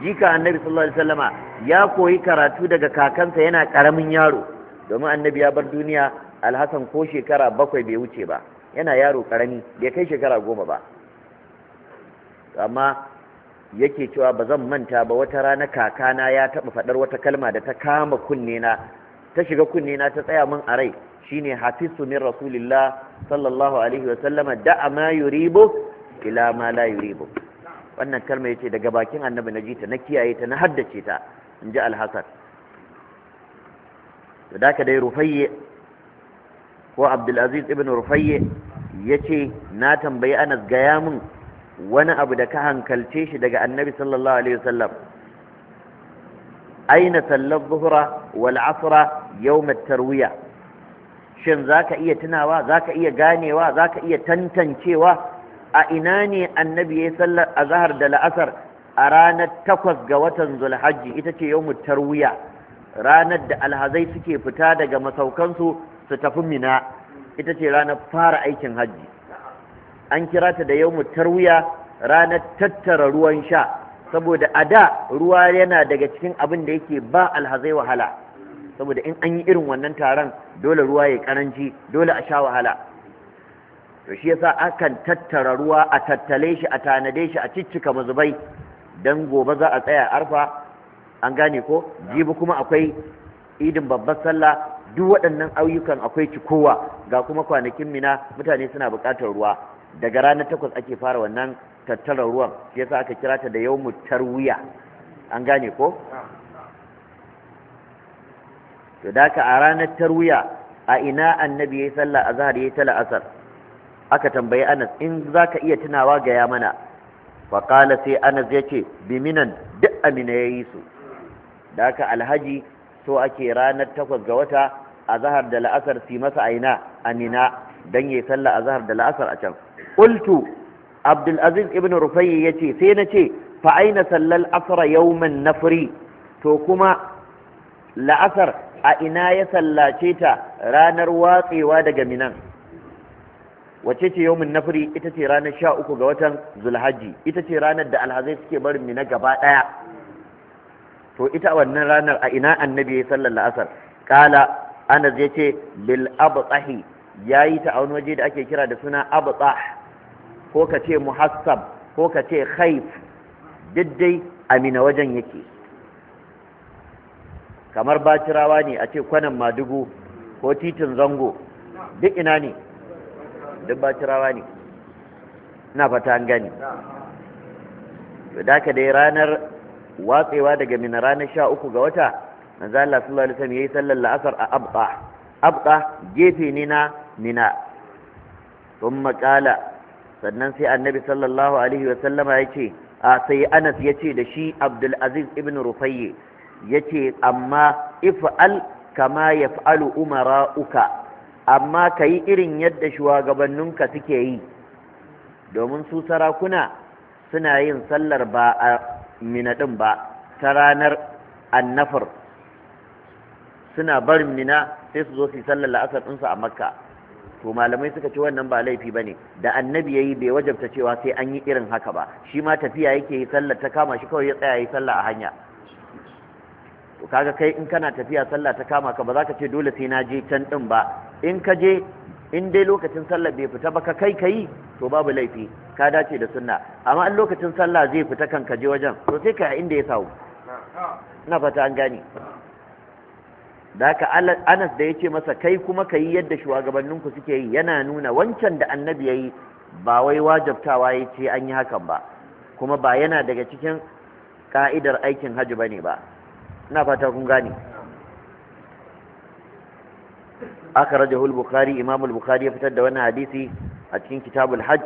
S1: jika annabi sallallahu alaihi wasallama ya koyi karatu daga kakansa yana karamin yaro domin annabi ya bar duniya alhassan ko shekara bakwai bai wuce ba yana yaro karami bai kai shekara goma ba amma yake cewa ba zan manta ba wata rana kakana ya taɓa faɗar wata kalma da ta kama kunne na ta shiga kunne na ta tsaya min a rai shine hafizu min rasulillah sallallahu alaihi wa da'a ma yuribu ila ma la yuribu wannan kalma yace daga bakin annabi na ji ta na kiyaye ta na haddace ta in ji alhassan to da ka dai rufayye ko abdulaziz ibn rufayye ya ce na tambayi anas gaya min wani abu da ka hankalce shi daga annabi sallallahu alaihi wasallam aina sallar zuhura wal asra tarwiya shin zaka iya tunawa zaka iya ganewa zaka iya tantancewa a ina ne annabi ya sallar zahar da la'asar a ranar takwas ga watan zulhajji ita ce yau tarwiya ranar da alhazai suke fita daga masaukansu su tafi mina ita ce ranar fara aikin hajji an kira ta da yau tarwiya ranar tattara ruwan sha saboda a da ruwa yana daga cikin abin da yake ba alhazai wahala saboda in an yi irin wannan taron dole ruwa ya karanci dole a sha wahala to shi yasa akan tattara ruwa a tattale shi a tanade shi a ciccika mazubai dan gobe za a tsaya arfa an gane ko jibi kuma akwai idin babbar sallah duk waɗannan ayyukan akwai cikowa ga kuma kwanakin mina mutane suna buƙatar ruwa daga ranar takwas ake fara wannan tattara ruwan shi yasa aka kira ta da yawmut tarwiya an gane ko to da ka a ranar tarwiya a ina annabi ya yi sallah azhar ya yi ta la'asar aka tambayi anas in za ka iya tunawa gaya mana faƙala sai anas ya ce biminan duk amina ya yi su da aka alhaji so ake ranar takwas ga wata a da la'asar si masa aina amina don yi sallah a da la'asar a can Abdul abdulaziz ibn rufayi ya ce sai na ce fa'aina sallal asra yauman nafri to kuma la'asar a ina ya sallace ta ranar watsewa daga minan wace ce yawmin nafri ita ce ranar sha uku ga watan zulhaji ita ce ranar da alhazai suke barin mina gaba ɗaya to ita wannan ranar a ina annabi ya sallar la'asar kala anas ya ce Bil abtsahi ya yi ta a wani waje da ake kira da suna abtsah ko ka ce muhassab ko ka ce khayf diddai amina wajen yake kamar bacirawa ne a ce kwanan madugu ko titin zango duk ina ne duk bacirawa ne na fata an gani da ka dai ranar watsewa daga min ranar sha uku ga wata manzo Allah sallallahu alaihi wasallam yayi sallar la'asar a abqa abqa gefe ne na mina Sun makala sannan sai annabi sallallahu alaihi wasallam ya ce a sai Anas ya ce da shi Abdul Aziz ibn Rufayyi ce, amma if'al kama ya yaf'alu umara'uka amma ka yi irin yadda shugabanninka suke yi domin su sarakuna suna yin sallar ba a ɗin ba ta ranar annafar suna barin mina sai su zo su yi sallar la'asar ɗinsu a makka to malamai suka ci wannan ba laifi ba ne da annabi ya yi bai wajabta cewa sai an yi irin haka ba shi ma tafiya yake yi sallar ta kama shi kawai ya tsaya yi sallar a hanya to kaga kai in kana tafiya sallar ta kama ka ba za ka ce dole sai na je can ɗin ba in ka je in dai lokacin sallah bai fita ba ka kai kayi to babu laifi ka dace da sunna amma in lokacin sallah zai fita kan ka je wajen to sai ka inda ya samu ina fata an gane da haka Anas da ce masa kai kuma kayi yadda shugabanninku suke yi yana nuna wancan da annabi yayi ba wai wajabtawa ya ce an yi hakan ba kuma ba yana daga cikin ka'idar aikin hajji bane ba ina fata kun gane akhrajahu al-bukhari imam al-bukhari ya fitar da wannan hadisi a cikin kitabul hajj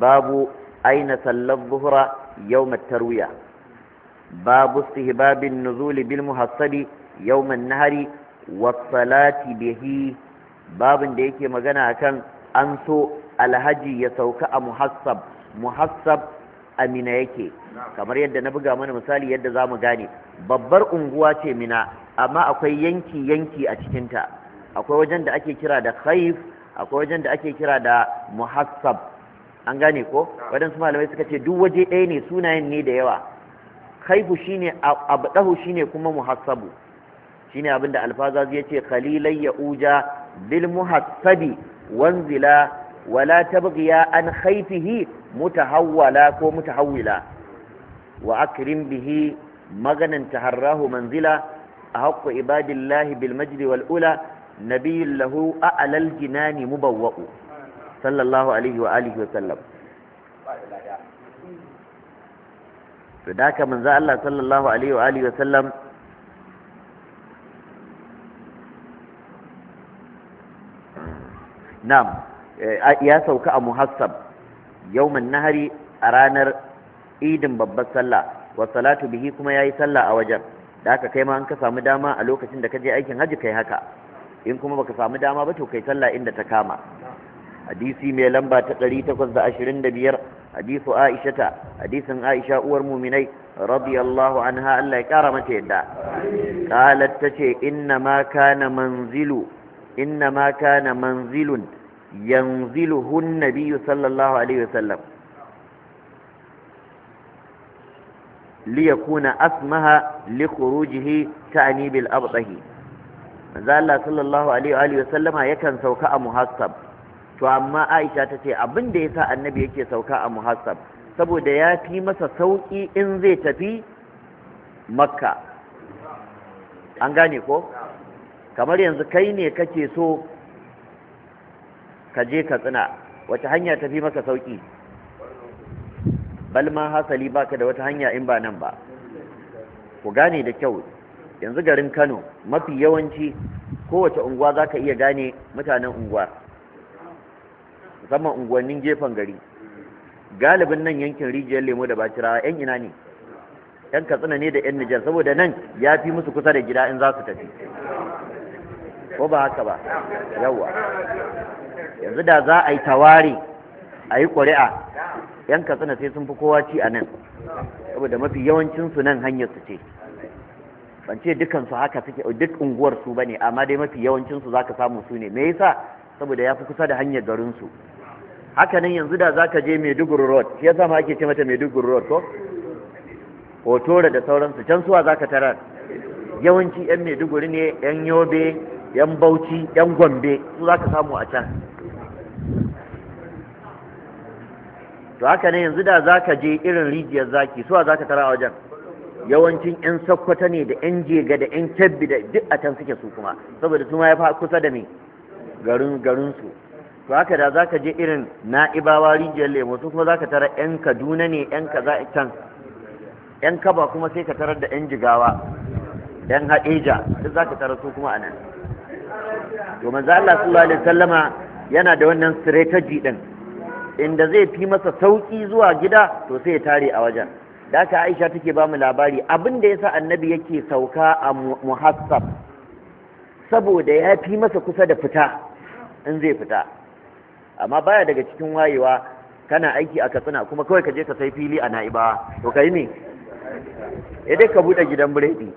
S1: babu aina sallar zuhra yawm at-tarwiya babu sihbabin nuzul bil muhassadi yawm an-nahari was-salati bihi babin da yake magana akan an so alhaji ya sauka a muhassab muhassab amina yake kamar yadda na buga mana misali yadda za mu gane babbar unguwa ce mina amma akwai yanki yanki a cikinta akwai wajen da ake kira da khaif akwai wajen da ake kira da muhassab an gane ko waɗansu malamai suka ce duk waje ɗaya ne sunayen ne da yawa khaifu shine abdahu shine kuma muhassabu shine abinda alfaza ya ce khalilai ya uja bil muhassabi wanzila wala tabghiya an khaifihi mutahawwala ko mutahawwila wa akrim bihi maganan taharrahu manzila a عباد ibadillahi wal ula. nabiyyun lahu a'lal jinani mubawwa'u sallallahu alaihi wa alihi wa sallam to da haka manzo Allah sallallahu alaihi wa alihi wa sallam ya sauka a muhassab yawman a ranar idin babbar sallah wa salatu bihi kuma yayi sallah a wajen da aka kai ma an ka samu dama a lokacin da ka je aikin haji kai haka in kuma baka samu dama ba to kai sallah inda ta kama hadisi mai lamba ta 825 hadisu aishata hadisin aisha uwar muminai radiyallahu anha Allah ya kara mata yadda qalat tace inna ma kana manzilu inna ma kana manzilun yanziluhu an sallallahu alaihi wasallam liyakuna asmaha likhurujihi ta'ni bil abdahi manzo Allah sallallahu alaihi wa sallama yakan sauka a muhassab to amma Aisha ta ce abin da yasa annabi yake sauka a muhassab saboda ya fi masa sauki in zai tafi makka an gane ko kamar yanzu kai ne kake so ka je ka tsina wace hanya tafi maka sauki balma hasali baka da wata hanya in ba nan ba ku gane da kyau yanzu garin kano mafi yawanci kowace unguwa za ka iya gane mutanen unguwa musamman unguwannin gefen gari galibin nan yankin rijiyar lemo da bacirawa yan ina ne yan katsina ne da yan nijar saboda nan ya fi musu kusa da gida in za su tafi ko ba haka ba yawwa yanzu da za a yi tawari a yi ƙuri'a yan katsina sai sun fi kowa ci a nan saboda mafi yawancinsu nan hanyar su ce ban ce dukan su haka suke duk unguwar su bane amma dai mafi yawancin su zaka samu su ne me yasa saboda yafi kusa da hanyar garin su haka nan yanzu da zaka je Maiduguri road shi yasa ma ake ce mata Maiduguri road ko Otore da sauransu can suwa zaka tarar yawanci yan Maiduguri ne yan Yobe yan Bauchi yan Gombe su zaka samu a can to haka ne yanzu da zaka je irin rijiyar zaki suwa zaka tara a wajen yawancin 'yan sakkwata ne da 'yan jega da 'yan Kebbi da duk a can suke su kuma saboda su ma ya kusa da me garin garinsu to haka da za ka je irin na'ibawa rijiyar lemo su kuma za ka tara 'yan kaduna ne 'yan kaza can 'yan kaba kuma sai ka tarar da 'yan jigawa 'yan haɗeja duk za ka tara su kuma a nan
S2: to manzo Allah sallallahu alaihi wasallama
S1: yana da wannan strategy din inda zai fi masa sauki zuwa gida to sai ya tare a wajen da aisha take ba mu labari abin da yasa annabi yake sauka a muhassab saboda ya fi masa kusa da fita in zai fita amma baya daga cikin wayewa kana aiki a katsina kuma kawai ka je ka sai fili a na'ibawa to kai ne ya dai ka buɗe gidan biredi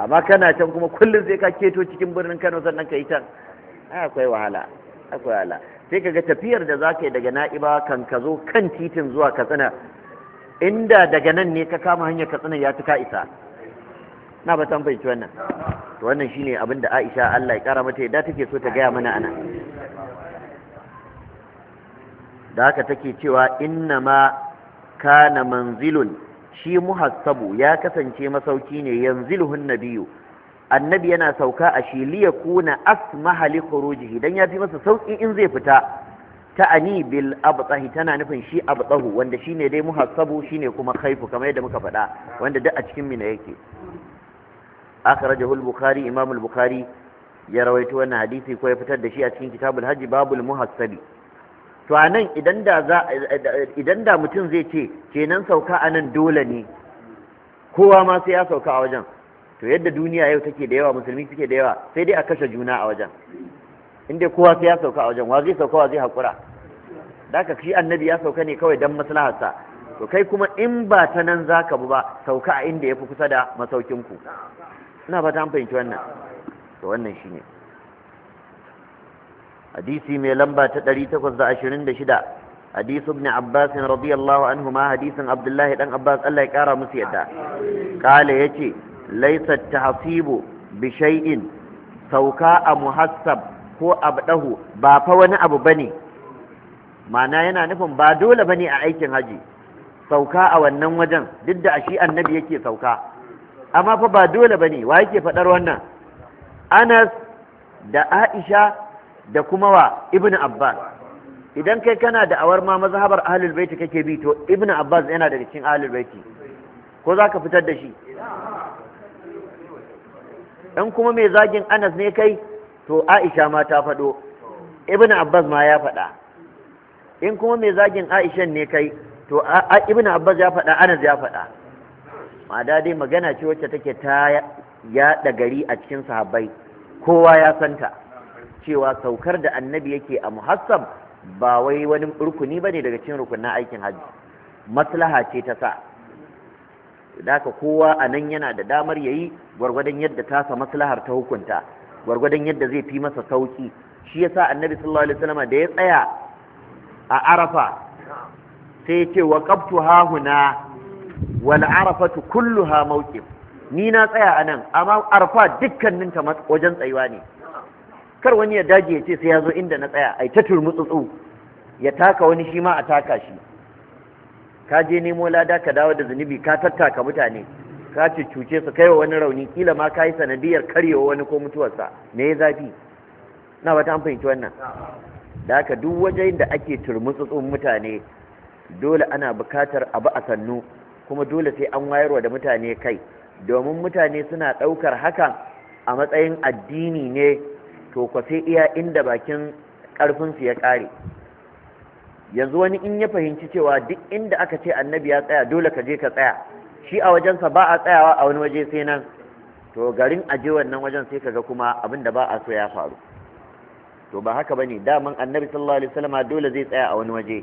S1: amma kana can kuma kullum sai ka keto cikin birnin kano sannan ka yi can akwai wahala akwai wahala sai kaga tafiyar da za ka yi daga na'iba kan ka zo kan titin zuwa katsina inda daga nan ne ka kama hanyar katsina ya tuka isa na ba san wannan to wannan shine abin da Aisha Allah ya kara mata yadda take so ta gaya mana ana da haka take cewa inna ma kana manzilun shi muhassabu ya kasance masauki ne yanziluhun nabiyu annabi yana sauka a shi liya kuna asmaha li khurujihi dan ya fi masa sauki in zai fita ta'ani bil abtahi tana nufin shi abtahu wanda shine dai muhassabu shine kuma khaifu kamar yadda muka faɗa wanda duk a cikin mina yake akhrajahu al-bukhari imam al-bukhari ya rawaito wannan hadisi ko ya fitar da shi a cikin kitabul hajji babul muhassabi to anan idan da za idan da mutum zai ce kenan sauka anan dole ne kowa ma sai ya sauka a wajen to yadda duniya yau take da yawa musulmi suke da yawa sai dai a kashe juna a wajen inda kowa sai ya sauka a wajen wa zai sauka wa zai haƙura da ka shi annabi ya sauka ne kawai don maslaharsa to kai kuma in ba ta nan za ka bu ba sauka a inda ya fi kusa da masaukinku ina fata an fahimci wannan to wannan shi ne hadisi mai lamba ta 826 hadisu ibn abbas radiyallahu anhu ma hadisin abdullahi dan abbas Allah ya kara musu yadda kale yace laysa tahsibu bi shay'in sauka a muhassab ko abdahu ba fa wani abu bane ma'ana yana nufin ba dole bane a aikin haji sauka a wannan wajen duk da shi annabi yake sauka amma fa ba dole bane wa yake faɗar wannan Anas da Aisha da kuma wa Ibn Abbas idan kai kana da awar ma mazhabar ahlul baiti kake bi to Ibn Abbas yana daga cikin ahlul baiti ko za ka fitar da shi Ɗan kuma mai zagin Anas ne kai to Aisha ma ta faɗo Ibn Abbas ma ya faɗa in kuma mai zagin aishan ne kai to ibn abbas ya faɗa anas ya faɗa ma'ada dai magana ce wacce take ta yaɗa gari a cikin sahabbai kowa ya santa cewa saukar da annabi yake a muhassab ba wai wani rukuni ba ne daga cikin rukunin aikin hajji maslaha ce ta sa da kowa a nan yana da damar yayi gwargwadon yadda tasa maslahar ta hukunta gwargwadon yadda zai fi masa sauki shi yasa annabi sallallahu alaihi wasallam da ya tsaya a arafa sai ce wa qabtu hahuna wal arafatu ha mawqif ni na tsaya a nan amma arafa dukkanin ta wajen tsayuwa ne kar wani ya daji ya ce sai ya zo inda na tsaya ai ta turmutsutsu ya taka wani shi ma a taka shi ka je nemo lada ka dawo da zunubi ka tattaka mutane ka ce cuce su kai wa wani rauni kila ma ka yi sanadiyar karyewa wani ko mutuwarsa me ya zafi na ba ta an fahimci wannan da haka duk wajen da ake turmutsutsun mutane dole ana bukatar abu a sannu kuma dole sai an wayarwa da mutane kai domin mutane suna ɗaukar hakan a matsayin addini ne to kwa sai iya inda bakin ƙarfinsu ya ƙare yanzu wani in ya fahimci cewa duk inda aka ce annabi ya tsaya dole ka je ka tsaya shi a wajensa ba a tsayawa a wani waje sai nan to garin aje wannan wajen sai kaga kuma abin da ba a so ya faru to ba haka bane daman annabi sallallahu alaihi wasallam dole zai tsaya a wani waje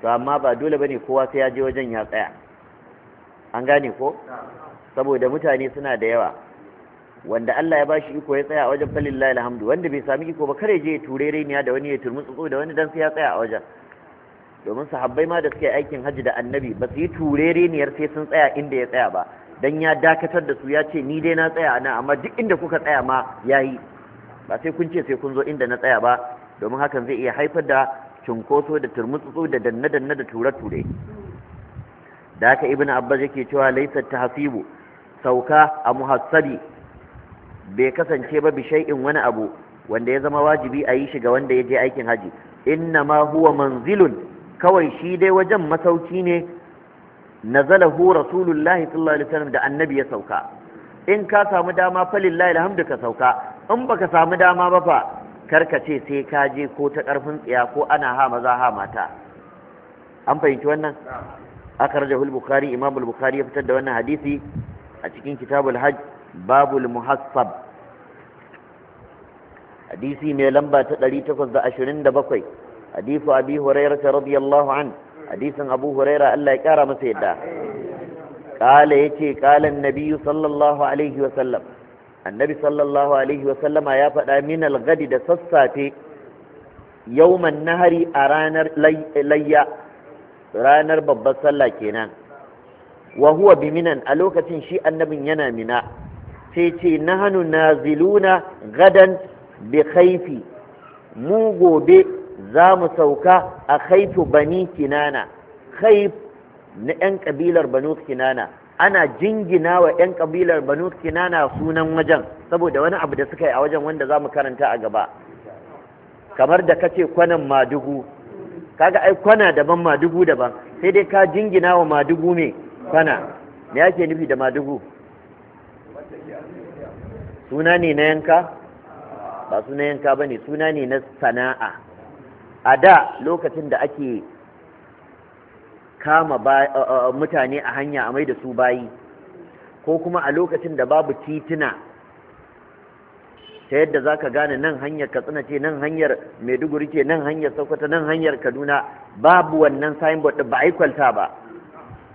S1: to amma ba dole bane kowa sai ya je wajen ya tsaya an gane ko saboda mutane suna da yawa wanda Allah ya bashi iko ya tsaya a wajen falillahi alhamdu wanda bai sami iko ba kare je ya ture rainiya da wani ya turmi tsotso da wani dan sai ya tsaya a wajen domin sahabbai ma da suke aikin hajji da annabi ba su yi ture rainiyar sai sun tsaya inda ya tsaya ba dan ya dakatar da su ya ce ni dai na tsaya a amma duk inda kuka tsaya ma ya yi. ba sai kun ce sai kun zo inda na tsaya ba domin hakan zai iya haifar da cunkoso da turmutsu da danne-danne da ture-ture da haka ibn abbas yake cewa laisa tahsibu sauka a muhassabi bai kasance ba bishai'in wani abu wanda ya zama wajibi a yi shi ga wanda ya je aikin haji inna ma huwa manzilun kawai shi dai wajen masauki ne nazalahu rasulullahi sallallahu alaihi wasallam da annabi ya sauka in ka samu dama falillahi alhamdu ka sauka in baka samu dama ba fa karka ce sai ka je ko ta karfin tsiya ko ana ha maza ha mata an fahimci wannan akhrajahu al-bukhari imam al-bukhari ya fitar da wannan hadisi a cikin kitabul hajj babul muhassab hadisi mai lamba ta 827 hadithu abi hurairah radiyallahu an hadisin abu hurairah Allah ya kara masa yadda kala yace kalan Nabiyu sallallahu alaihi wa annabi sallallahu alaihi ya faɗa min al-gadi da sassafe yawman nahari a ranar layya ranar babbar sallah kenan wa huwa biminan a lokacin shi annabin yana mina sai ce nahanu naziluna gadan bi khaifi mu gobe za mu sauka a khaifu bani kinana khaif na 'yan kabilar banu kinana ana jingina wa 'yan kabilar banu kinana sunan wajen saboda wani abu da suka yi a wajen wanda za mu karanta a gaba kamar da kace kwanan madugu kaga ai kwana daban madugu daban sai dai ka jingina wa madugu me kwana me yake nufi da madugu suna ne na yanka ba suna yanka bane suna ne na sana'a a da lokacin da ake kama uh, uh, mutane a hanya a mai da su bayi ko kuma a lokacin da babu titina, ta yadda za ka gane nan hanyar katsina ce nan hanyar maiduguri ce nan hanyar sokoto nan hanyar kaduna babu wannan signboard ba a yi kwalta ba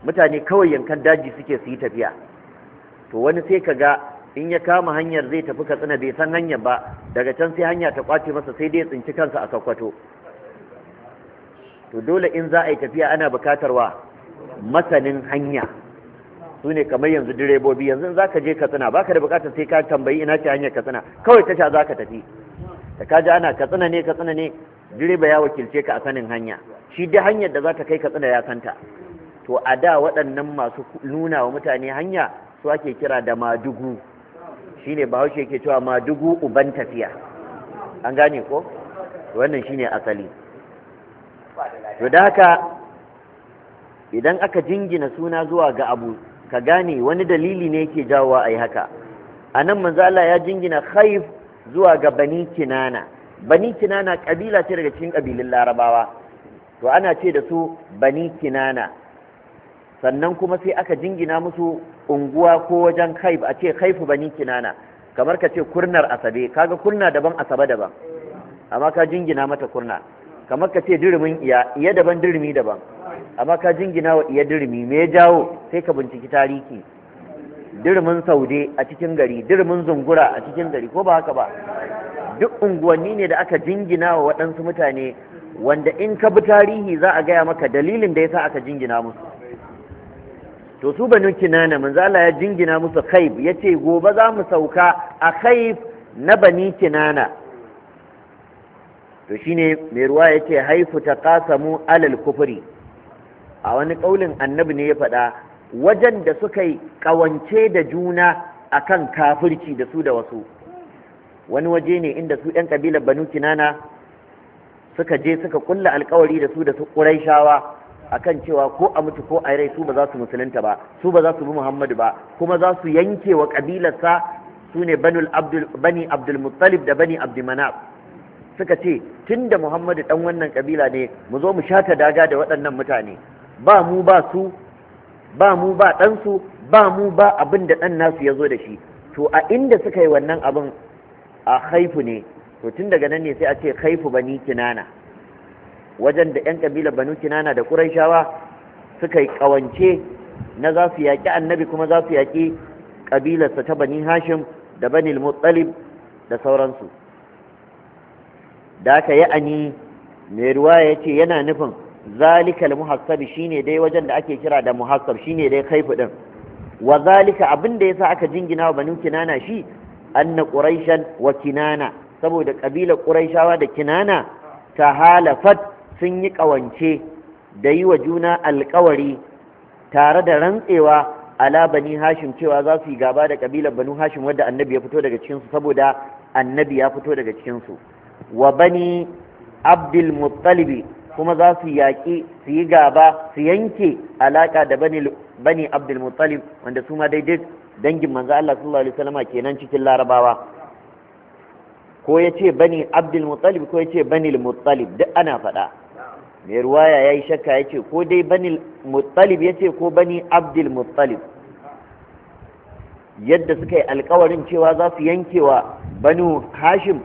S1: mutane kawai yankan daji suke su yi tafiya to wani sai ka ga in ya kama hanyar zai tafi katsina bai san hanyar ba daga can sai hanya ta kwace masa sai dai tsinci kansa a sokoto to dole in za a yi tafiya ana bukatar wa masanin hanya su ne kamar yanzu direbobi yanzu za ka je katsina ba ka da bukatar sai ka tambayi ina ce hanyar katsina kawai tasha za ka tafi da ka ji ana katsina ne katsina ne direba ya wakilce ka a sanin hanya shi da hanyar da za ta kai katsina ya santa to a da waɗannan masu nuna wa mutane hanya su ake kira da madugu Shi ne bahaushe yake cewa madugu uban tafiya an gane ko wannan shine asali to da haka idan aka jingina suna zuwa ga abu ka gane wani dalili ne yake jawowa a yi haka a nan manzo Allah ya jingina khaif zuwa ga bani kinana bani kinana kabila ce daga cikin kabilun larabawa to ana ce da su bani kinana sannan kuma sai aka jingina musu unguwa ko wajen khaif a ce haifu bani kinana kamar ka ce kurnar asabe kaga kurna daban asabe daban amma ka jingina mata kurna kamar ka ce dirimin iya iya daban dirimi daban amma ka jingina wa iya dirimi me ya jawo sai ka binciki tarihi dirimin saude a cikin gari dirimin zungura a cikin gari ko ba haka ba duk unguwanni ne da aka jingina wa waɗansu mutane wanda in ka bi tarihi za a gaya maka dalilin da ya sa aka jingina musu to su banu kinana manzo Allah ya jingina musu khaib ce gobe za mu sauka a khaib na bani kinana to shine mai ruwa ya ce haifu ta kasamu alal kufuri a wani ƙaulin annabi ne ya faɗa wajen da suka yi ƙawance da juna akan kafirci da su da wasu wani waje ne inda su 'yan ƙabilar banu kinana suka je suka kulla alkawari da su da su ƙuraishawa kan cewa ko a mutu ko a rai su ba za su musulunta ba su ba za su bi muhammadu ba kuma za su yanke wa ƙabilarsa su ne bani abdul da bani abdul suka ce tun da muhammadu ɗan wannan kabila ne mu zo mu shata daga da waɗannan mutane ba mu ba su ba mu ba ɗansu ba mu ba abin da ɗan nasu ya zo da shi to a inda suka yi wannan abin a haifu ne to tun daga nan ne sai a ce haifu bani kinana wajen da 'yan kabila banu kinana da ƙuraishawa suka yi ƙawance na za su yaƙi annabi kuma za su yaƙi ƙabilarsa ta bani hashim da bani mutsalib da sauransu da aka yi ani mai ruwa ya ce yana nufin zalikal muhassabi shine dai wajen da ake kira da muhassab shine dai kaifu din wa zalika abin da yasa aka jingina wa banu kinana shi anna quraishan wa kinana saboda kabilar quraishawa da kinana ta halafat sun yi kawance da yi wa juna alkawari tare da rantsewa ala bani hashim cewa za su yi gaba da kabilar banu hashim wadda annabi ya fito daga cikinsu saboda annabi ya fito daga cikinsu wa bani abdul muttalibi kuma za su yaƙi su yi gaba su yanke alaƙa da bani abdul muttalib wanda su ma daidai dangin manzo Allah sallallahu alaihi wasallam kenan cikin larabawa ko ya ce bani abdul muttalib ko ya ce bani muttalib duk ana faɗa mai ruwaya ya yi shakka ya ce ko dai bani muttalib ya ce ko bani abdul muttalib yadda suka yi alkawarin cewa za su yankewa banu hashim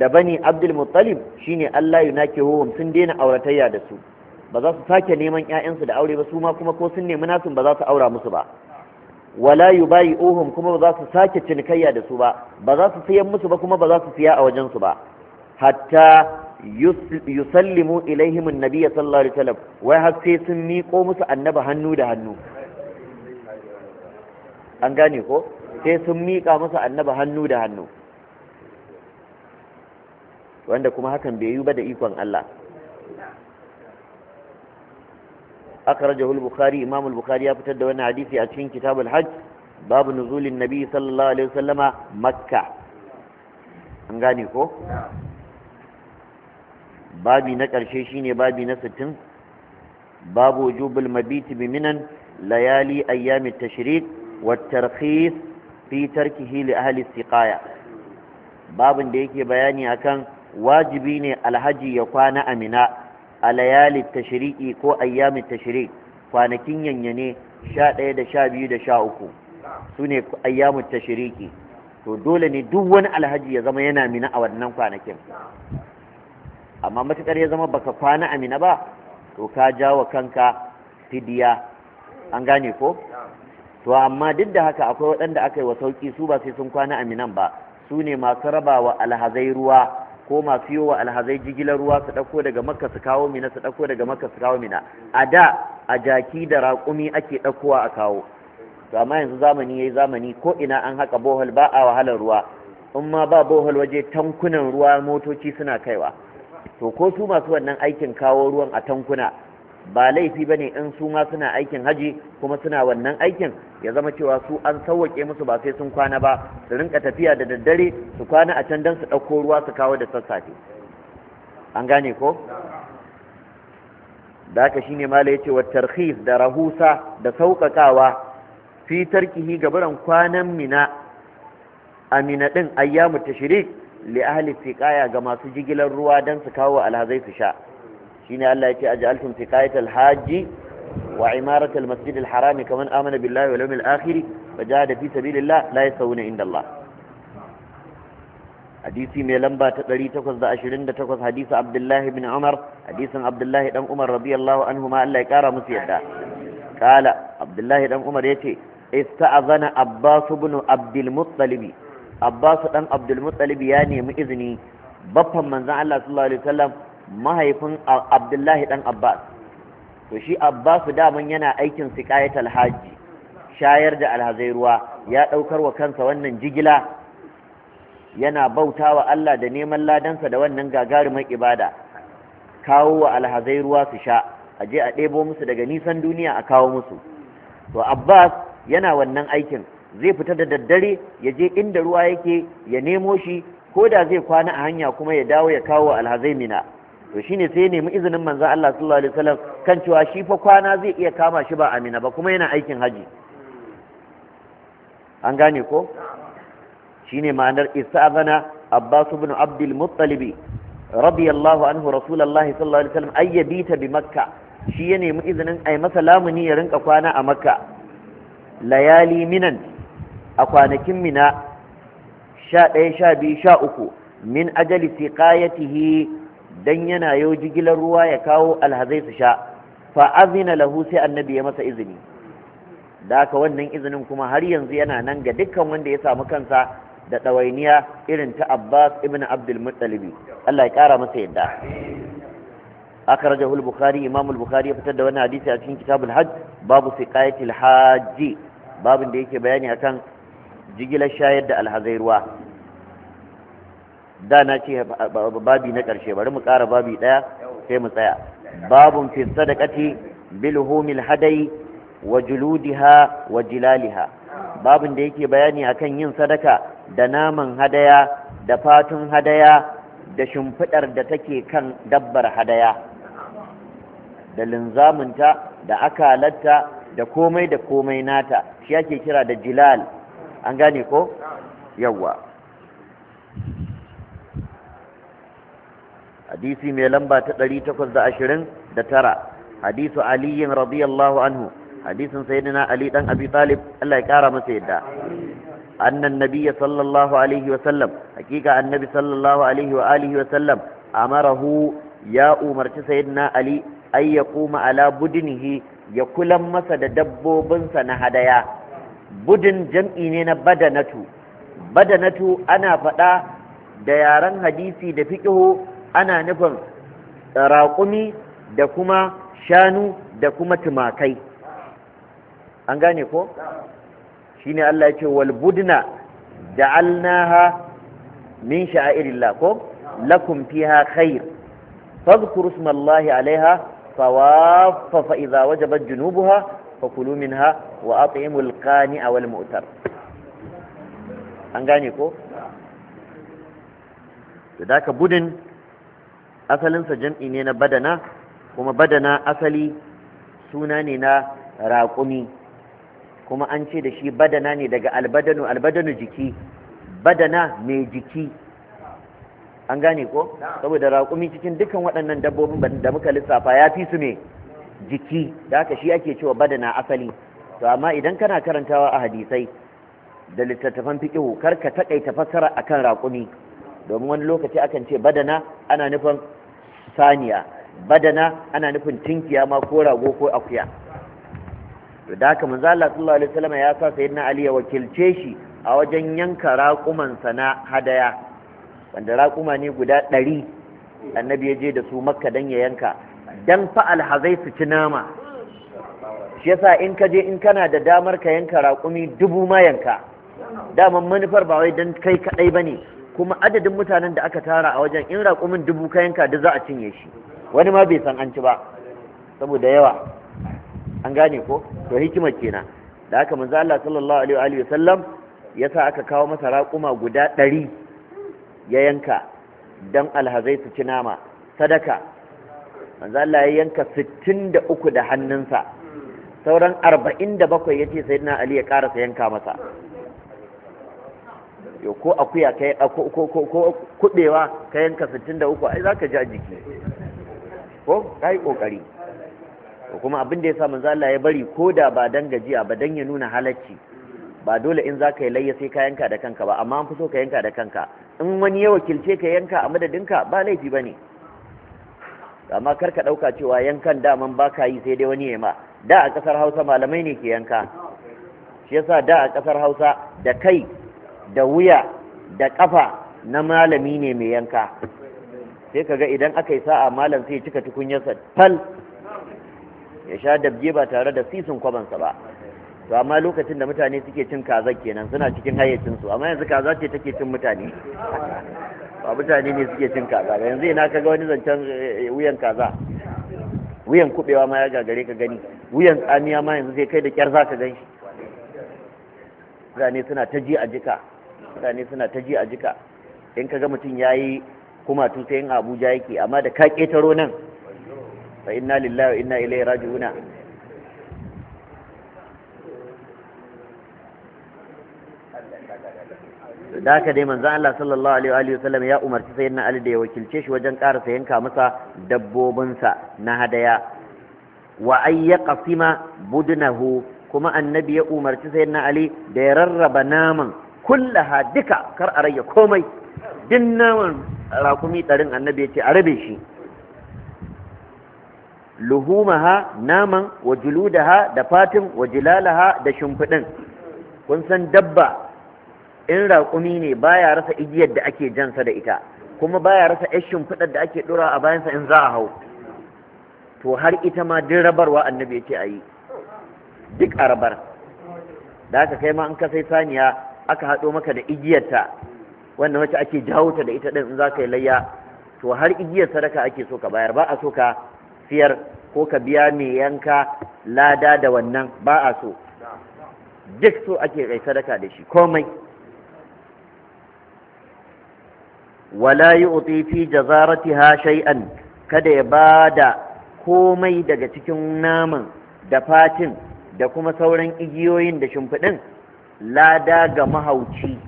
S1: da bani abdul muttalib shine Allah nake huwum sun daina auratayya da su ba za su sake neman ƴaƴansu da aure ba su ma kuma ko sun nemi nasu ba za su aura musu ba wala yubayi'uhum kuma ba za su sake cinikayya da su ba ba za su siyan musu ba kuma ba za su siya a wajen su ba hatta yusallimu ilaihim annabi sallallahu alaihi wasallam wai har sai sun miƙo musu annabi hannu da hannu an gane ko sai sun miƙa musu annabi hannu da hannu wanda kuma hakan bai yi ba da ikon Allah akhrajahu al-bukhari imam al-bukhari ya fitar da wannan hadisi a cikin kitab al-hajj babu nuzulin nabi sallallahu alaihi wasallama makka an gane ko babi na ƙarshe shine babi na 60 babu wujubul mabit bi minan layali ayyam at-tashriq wat-tarkhis fi tarkihi li ahli istiqaya babin da yake bayani akan wajibi ne alhaji ya kwana Amina a layali tashiriki ko ayyamin tashiri kwanakin yanyane sha ɗaya da sha biyu da sha uku su ne ayyamin tashiriki to dole ne duk wani alhaji ya zama yana mina a wannan kwanakin amma matuƙar ya zama baka kwana Amina ba to ka jawo kanka fidiya an gane ko to amma duk da haka akwai waɗanda aka yi wa sauƙi su ba sai sun kwana Aminan ba su ne masu rabawa alhazai ruwa ko masu yi wa alhazai jigilar ruwa su ɗauko daga makka su kawo mina su ɗauko daga makka su kawo mina a da a jaki da raƙumi ake ɗaukowa a kawo to amma yanzu zamani yayi zamani ko ina an haka bohol ba a wahalar ruwa in ma ba bohol waje tankunan ruwa motoci suna kaiwa to ko su masu wannan aikin kawo ruwan a tankuna ba laifi ba ne in su ma suna aikin haji kuma suna wannan aikin ya zama cewa su an sauwake musu ba sai sun kwana ba su rinka tafiya da daddare su kwana a can don su ɗauko ruwa su kawo da sassafe an gane ko da haka shine mala yace wa tarhis da rahusa da sauƙaƙawa fi tarkihi gabaran kwanan mina amina din ayyamu tashrik li ahli siqaya ga masu jigilar ruwa dan su kawo alhazai su sha shine Allah yace aj'altum siqayatal hajji wa imaratal masjidil harami kaman amana billahi wal yawmil akhir wa jahada fi sabilillah la yasawuna inda Allah hadisi mai lamba ta 828 hadisi Abdullah ibn Umar hadisin Abdullah dan Umar radiyallahu anhuma Allah ya kara musu yadda kala Abdullah dan Umar yace ista'azana Abbas ibn Abdul Muttalib Abbas dan Abdul Muttalib ya nemi izini baffan manzon Allah sallallahu alaihi wasallam mahaifin abdullahi dan abbas to shi abbasu daman yana aikin siƙayat alhaji shayar da alhazai ruwa ya ɗaukar wa kansa wannan jigila yana bauta wa Allah da neman ladansa da wannan gagarumin ibada kawo wa alhazai ruwa su sha a je a ɗebo musu daga nisan duniya a kawo musu to abbas yana wannan aikin zai fita da daddare ya je inda ruwa yake ya nemo shi ko da zai kwana a hanya kuma ya dawo ya kawo alhazai mina to shine sai ya nemi izinin manzo Allah sallallahu alaihi wasallam kan cewa shi fa kwana zai iya kama shi ba Amina ba kuma yana aikin haji an gane ko shine ma'anar ista'zana Abbas ibn Abdul Muttalib radiyallahu anhu rasulullahi sallallahu alaihi wasallam ayyabita bi Makka shi ya nemi izinin ai masa lamuni ya rinka kwana a Makka layali minan a kwanakin mina sha ɗaya sha biyu sha uku min ajali siqayatihi dan yana yau jigilar ruwa ya kawo alhazai su sha fa azina lahu sai annabi ya masa izini da haka wannan izinin kuma har yanzu yana nan ga dukkan wanda ya samu kansa da ɗawainiya irin ta Abbas ibn Abdul Muttalib Allah ya ƙara masa yadda akhrajahu al-Bukhari Imam al-Bukhari ya fitar da wani hadisi a cikin Kitabul Hajj babu siqayati haji hajji babin da yake bayani akan jigilar shayar da alhazai ruwa da na ce babi na ƙarshe bari mu ƙara babi ɗaya sai mu tsaya babun fi sadaqati bil humil hadai wa juludiha wa jilaliha babun da yake bayani akan yin sadaka da naman hadaya da fatun hadaya da shimfiɗar da take kan dabbar hadaya da linzamunta da akalarta da komai da komai nata shi ake kira da jilal an gane ko yawwa hadisi mai lamba ta 829 hadisu aliyin radiyallahu anhu hadisin sayyidina ali dan abi talib Allah ya kara masa yadda annan nabiyya sallallahu alaihi wa sallam hakika annabi sallallahu alaihi wa alihi wa sallam amarahu ya umarci sayyidina ali ay yaquma ala budinihi ya kulan masa da dabbobinsa na hadaya budin jam'i ne na badanatu badanatu ana fada da yaren hadisi da fiƙihu ana nufin raƙumi da kuma shanu da kuma tumakai an gane ko shine Allah ya ce wal budna ja'alnaha min sha'irillah ko lakum fiha khair fadhkuru ismallahi 'alayha fawaffa fa idza wajabat junubuha fakulu minha wa at'imul qani'a wal mu'tar an gane ko da budin asalinsa jam'i ne na badana kuma badana asali suna ne na raƙumi kuma an ce da shi badana ne daga albadanu albadanu jiki badana mai jiki an gane ko saboda raƙumi cikin dukkan waɗannan dabbobin da muka lissafa ya fi su ne jiki da haka shi ake cewa badana asali to amma idan kana karantawa a hadisai da littattafan fiƙihu kar ka taƙaita fassara akan raƙumi domin wani lokaci akan ce badana ana nufin saniya badana ana nufin tinkiya ma ko rago ko akuya to da haka manzo Allah sallallahu alaihi wasallam ya sa sayyidina Ali ya wakilce shi a wajen yanka raƙuman sa na hadaya wanda raƙuma ne guda ɗari annabi ya je da su makka dan ya yanka dan fa alhazai su ci nama shi yasa in ka je in kana da damar ka yanka raƙumi dubu ma yanka daman manufar ba wai dan kai kadai bane kuma adadin mutanen da aka tara a wajen in raƙumin dubu ka yanka duk za a cinye shi wani ma bai san an ci ba saboda yawa an gane ko to hikimar kenan da haka manzo Allah sallallahu alaihi wa alihi wasallam yasa aka kawo masa raƙuma guda ɗari ya yanka dan alhazai su ci nama sadaka manzo Allah ya yanka 63 da hannunsa sauran 47 yace sayyidina Ali ya karasa yanka masa ko akuya kai ko ko kudewa ka yanka 63 ai zaka ja jiki ko kai kokari kuma abin da yasa manzo Allah ya bari ko da ba dan gajiya ba dan ya nuna halacci ba dole in zaka yi layya sai ka yanka da kanka ba amma an fi so ka yanka da kanka in wani ya wakilce ka yanka a madadinka ba laifi bane amma kar ka dauka cewa yankan daman baka yi sai dai wani ya ma da a kasar Hausa malamai ne ke yanka shi yasa da a kasar Hausa da kai da wuya da ƙafa na malami ne mai yanka sai kaga idan aka yi sa'a malam sai ya cika tukunyarsa fal ya sha dabje ba tare da sisin kwabansa ba to amma lokacin da mutane suke cin kaza kenan suna cikin hayyacinsu amma yanzu kaza ce take cin mutane ba mutane ne suke cin kaza ba yanzu ina kaga wani zancen eh, wuyan kaza wuyan kubewa ma ya gagare ka gani wuyan tsamiya ma yanzu sai kai da kyar za ka gan shi mutane suna ta ji a jika mutane suna ta ji a jika in ka ga mutum ya yi kuma tu yin Abuja yake amma da ka ƙetaro nan fa inna lillahi inna raju raji'una
S2: da haka dai manzan
S1: Allah sallallahu alaihi wa sallam ya umarci sayyidina Ali da ya wakilce shi wajen sayan ka masa dabbobinsa na hadaya wa ayya qasima budnahu kuma annabi ya umarci sayyidina Ali da ya rarraba naman kullaha duka kar a rage komai Din naman rakumi ɗarin annabi ya ce a rabe shi luhumaha naman wa juludaha da fatin wa jilalaha da shimfiɗin kun san dabba in raƙumi ne baya rasa igiyar da ake jansa da ita kuma baya rasa yar shimfiɗar da ake ɗora a bayansa in za a hau to har ita ma duk rabarwa annabi ya ce a yi duk a rabar da haka kai ma in ka sai saniya aka haɗo maka da igiyarta wanda wacce ake jawo ta da ita ɗin in za ka yi layya to har igiyar sadaka ake so ka bayar ba a so ka siyar ko ka biya mai yanka lada da wannan ba a so duk so ake kai sadaka da shi komai wala yu'ti fi jazaratiha shay'an kada ya bada komai daga cikin naman da fatin da kuma sauran igiyoyin da shimfiɗin lada ga mahauci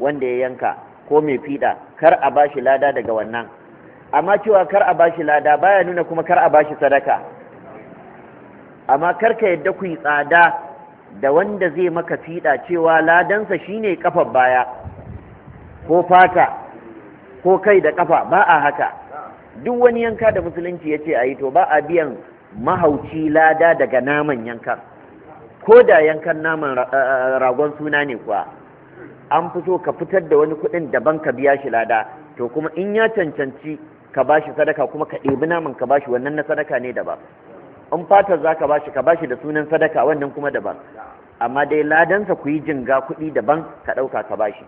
S1: wanda ya yanka ko mai fiɗa kar a bashi lada daga wannan amma cewa kar a bashi lada baya nuna kuma kar a bashi sadaka amma kar ka yadda ku yi tsada da wanda zai maka fiɗa cewa ladansa shine kafar baya ko fata ko kai da kafa ba a haka duk wani yanka da musulunci ya ce a yi to ba a biyan mahauci lada daga naman yankan ko da yankan naman eh, eh, ragon suna ne kuwa an fi so ka fitar da wani kuɗin daban ka biya shi lada to kuma in ya cancanci ka ba shi sadaka kuma ka ɗebi naman ka ba shi wannan na sadaka ne daban in fatar za ka ba shi ka ba shi da sunan sadaka wannan kuma daban amma dai ladansa ku yi jinga kuɗi daban ka ɗauka ka ba shi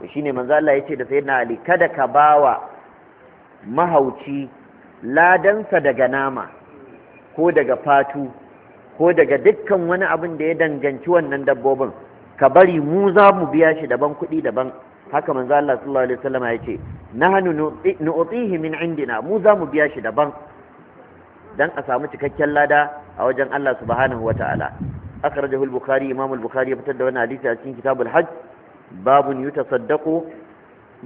S1: to shine manzo Allah ya ce da sayyidina Ali kada ka wa mahauci ladansa daga nama ko daga fatu ko daga dukkan wani abin da ya danganci wannan dabbobin ka bari mu za mu biya shi daban kuɗi daban haka manzo Allah sallallahu alaihi wasallam ya ce nahnu nu'tihi min indina mu za mu biya shi daban dan a samu cikakken lada a wajen Allah subhanahu wataala akhrajahu al-bukhari imam al-bukhari ya fitar da wannan hadisi a cikin kitabul hajj babun yutasaddaqu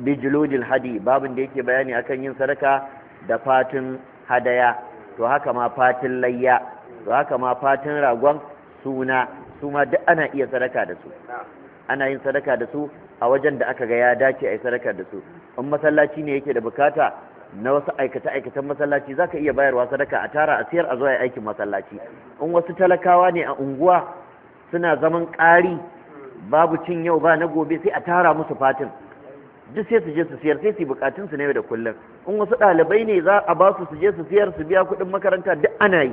S1: bi juludil hadi babun da yake bayani akan yin sadaka da fatin hadaya to haka ma fatin layya to haka ma fatan ragon suna su ma duk ana iya sadaka da su ana yin sadaka da su a wajen da aka ga ya dace a yi sadaka da su in masallaci ne yake da bukata na wasu aikata-aikatan masallaci zaka iya bayarwa sadaka a tara a siyar a zuwa aikin masallaci in wasu talakawa ne a unguwa suna zaman ƙari babu cin yau ba na gobe sai a tara musu fatin duk sai su je su siyar sai su bukatun su ne da kullun in wasu ɗalibai ne za a ba su su je su siyar su biya kuɗin makaranta duk ana yi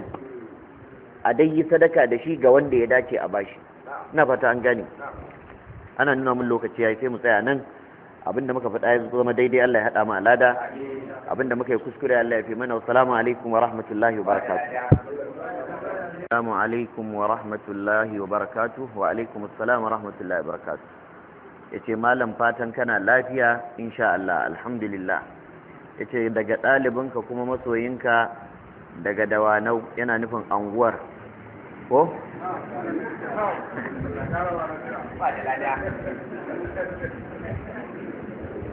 S1: a dai yi sadaka da shi ga wanda ya dace a bashi na fata an gane ana nuna mun lokaci yayi sai mu tsaya nan abinda muka faɗa ya zama daidai Allah ya haɗa mu alada abinda muka yi kuskure Allah ya fi mana assalamu alaikum wa rahmatullahi wa barakatuh assalamu alaikum wa rahmatullahi wa barakatuh wa alaikum assalam wa rahmatullahi wa barakatuh yace malam fatan kana lafiya insha Allah alhamdulillah yace daga ɗalibinka kuma masoyinka daga dawanau yana nufin anguwar ko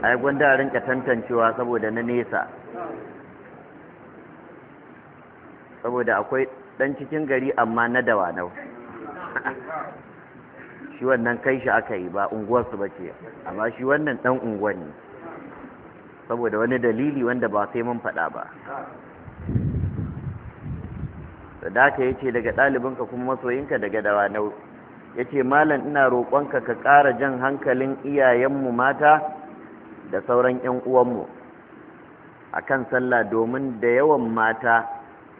S1: ai gwanda rinka tantancewa saboda na nesa saboda akwai dan cikin gari amma na dawanau
S2: *laughs*
S1: shi wannan kai shi aka yi ba unguwarsu ba ce amma shi wannan dan unguwar ne saboda wani dalili wanda ba sai mun faɗa ba sadaka yace daga ɗalibinka kuma masoyinka daga nau yace malam ina roƙonka ka ƙara jan hankalin iyayenmu mata da sauran ƴan uwanmu akan sallah domin da yawan mata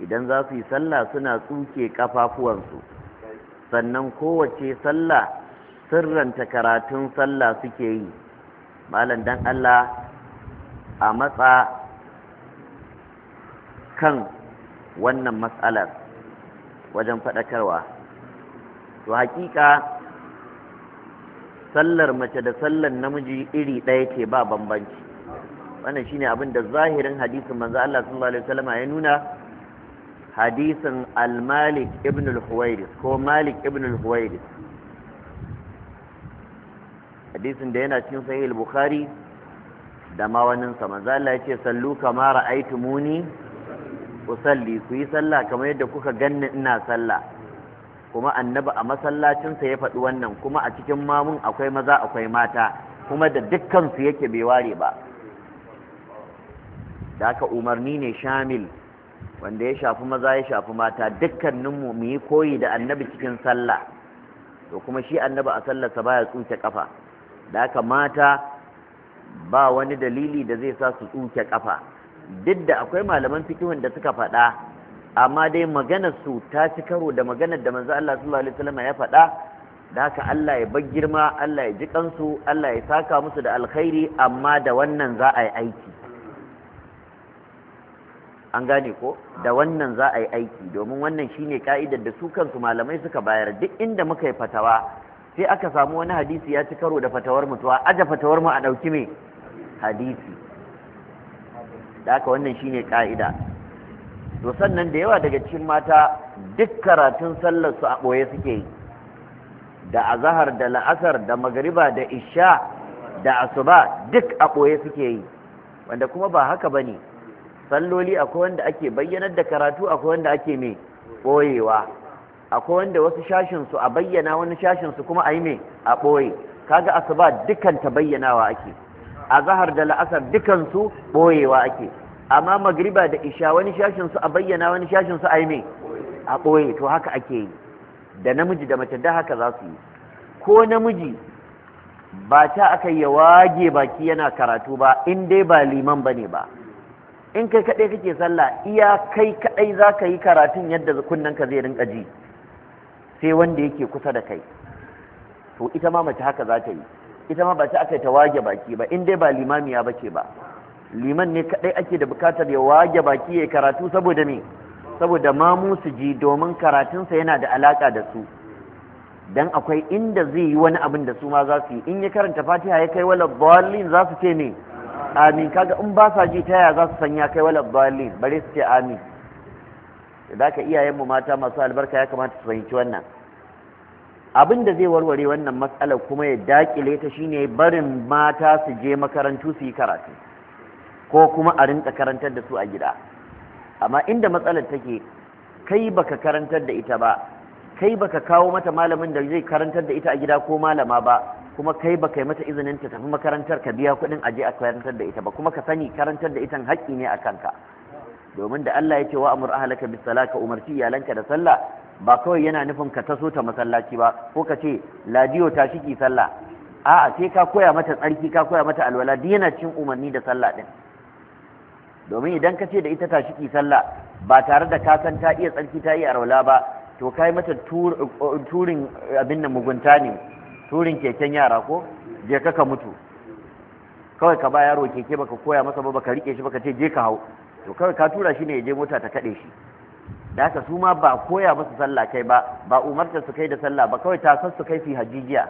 S1: idan za su yi sallah suna tsuke kafafuwansu sannan kowace sallah sirranta karatun sallah suke yi malam dan Allah a matsa kan wannan matsalar wajen faɗakarwa to hakika sallar mace da sallar namiji iri ɗaya ce ba bambanci wannan shine abin da zahirin hadisin manzo Allah sallallahu alaihi wasallam ya nuna hadisin al-Malik ibn al-Huwairis ko Malik ibn al-Huwairis hadisin da yana cikin sahih al-Bukhari da ma wannan sa manzo Allah ya ce sallu kama ra'aytumuni usalli ku yi sallah kamar yadda kuka ganni ina sallah kuma annabi a masallacinsa ya faɗi wannan kuma a cikin mamun akwai maza akwai mata kuma da dukkansu yake bai ware ba da aka umarni ne shamil wanda ya shafi maza ya shafi mata dukkaninmu mu yi koyi da annabi cikin sallah to kuma shi annabi a sallarsa baya tsuke kafa da aka mata ba wani dalili da zai sa su tsuke kafa duk da akwai malaman fikihun da suka faɗa amma dai maganar su ta ci karo da maganar da manzo Allah sallallahu alaihi wasallam ya faɗa da haka Allah ya bar girma Allah ya ji kansu Allah ya saka musu da alkhairi amma da wannan za a yi aiki an gane ko da wannan za a yi aiki domin wannan shine ka'idar da su kansu malamai suka bayar duk inda muka yi fatawa sai aka samu wani hadisi ya ci karo da fatawar mutuwa to aje fatawar mu a ɗauki me hadisi da haka wannan shine ka'ida to sannan da yawa daga cikin mata duk karatun sallar su a boye suke yi da azahar da la'asar da magariba da isha da asuba duk a boye suke yi wanda kuma ba haka bane salloli akwai wanda ake bayyanar da karatu akwai wanda ake me boyewa akwai wanda wasu shashin su a bayyana wani shashin su kuma a yi me a boye kaga asuba dukkan ta bayyanawa ake a zahar da la'asar dukansu ɓoyewa ake amma magriba da isha wani shashinsu a bayyana wani shashinsu a yi mai a ɓoye to haka ake yi da namiji da mace da haka za su yi ko namiji ba ta aka yi wage baki yana karatu ba in dai ba liman ba ne ba in kai kaɗai kake sallah iya kai kaɗai za ka yi karatun yadda kunnen ka zai rinka ji sai wanda yake kusa da kai to ita ma mace haka za ta yi ita ma ba ta aka ta wage baki ba in dai ba limamiya bace ba liman ne kadai ake da bukatar ya wage baki ya karatu saboda me saboda mamu su ji domin karatunsa yana da alaka da su dan akwai inda zai yi wani abin da su ma za su yi in ya karanta fatiha ya kai wala dallin za su ce ne amin kaga in ba sa ji ta yaya za su sanya kai wala dallin bare su ce amin da ka iyayenmu mata masu albarka ya kamata su fahimci wannan abin da zai warware wannan matsalar kuma ya dakile ta shine barin mata su je makarantu su yi karatu ko kuma a rinka karantar da su a gida amma inda matsalar take kai baka karantar da ita ba kai baka kawo mata malamin da zai karantar da ita a gida ko malama ba kuma kai baka yi mata izinin ta tafi makarantar ka biya kuɗin aje a karantar da ita ba kuma ka sani karantar da ita haƙƙi ne a kanka domin da Allah ya ce wa amur ahlaka bis ka umarci iyalanka da sallah ba kawai yana nufin ka taso ta masallaci ba ko ka ce ladiyo ta shiki sallah a'a sai ka koya mata tsarki ka koya mata alwala duk yana cin umarni da sallah din domin idan ka ce da ita ta shiki sallah ba tare da ka san ta iya tsarki ta iya alwala ba to kai mata turin abin nan mugunta ne turin keken yara ko je ka ka mutu kawai ka ba yaro keke baka koya masa ba baka rike shi baka ce je ka hau to kawai ka tura shi ne ya je mota ta kade shi da haka su ma ba koya musu sallah kai ba ba umarta su kai da sallah ba kawai san su kai fi hajijiya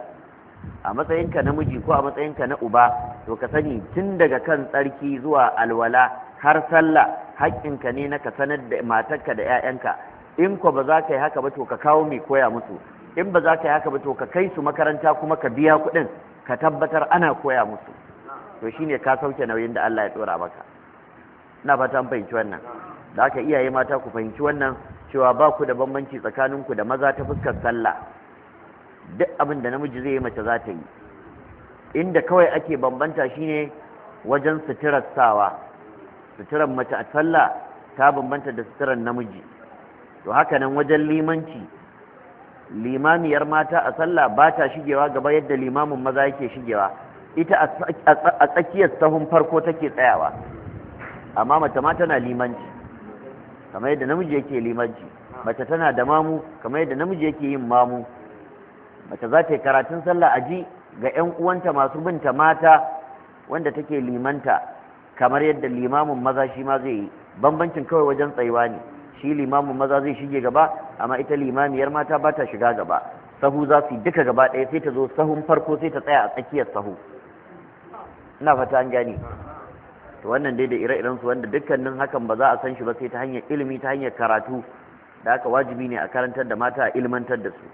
S1: a matsayinka miji ko a matsayinka na uba to ka sani tun daga kan tsarki zuwa alwala har sallah haƙƙinka ne na ka sanar da matarka da 'ya'yanka in ko ba za ka yi haka ba to ka kawo mai koya musu in ba za ka yi haka ba to ka kai su makaranta kuma ka biya kuɗin ka tabbatar ana koya musu to shine ka sauke nauyin da Allah ya tsora maka ina fata an fahimci wannan da aka iyaye mata ku fahimci wannan cewa ba ku da bambanci tsakaninku da maza ta fuskar sallah duk abin da namiji zai yi mace za ta yi inda kawai ake bambanta shine wajen suturar sawa suturar mace a sallah ta bambanta da suturar namiji to haka nan wajen limanci limamiyar mata a sallah ba ta shigewa gaba yadda limamin maza yake shigewa ita a tsakiyar sahun farko take tsayawa amma mace ma tana limanci kamar yadda namiji yake limanci mace tana da mamu kamar yadda namiji yake yin mamu mace za ta yi karatun sallah a ji ga 'yan uwanta masu binta mata wanda take limanta kamar yadda limamin maza shi ma zai yi bambancin kawai wajen tsayuwa ne shi limamin maza zai shige gaba amma ita limamiyar mata ba ta shiga gaba sahu za su yi duka gaba ɗaya sai ta zo sahun farko sai ta tsaya a tsakiyar sahu ina fata an gane to wannan dai da ire-iren su wanda dukkanin hakan ba za a san shi ba sai ta hanyar ilimi ta hanyar karatu da haka wajibi ne a karantar da mata a ilmantar da su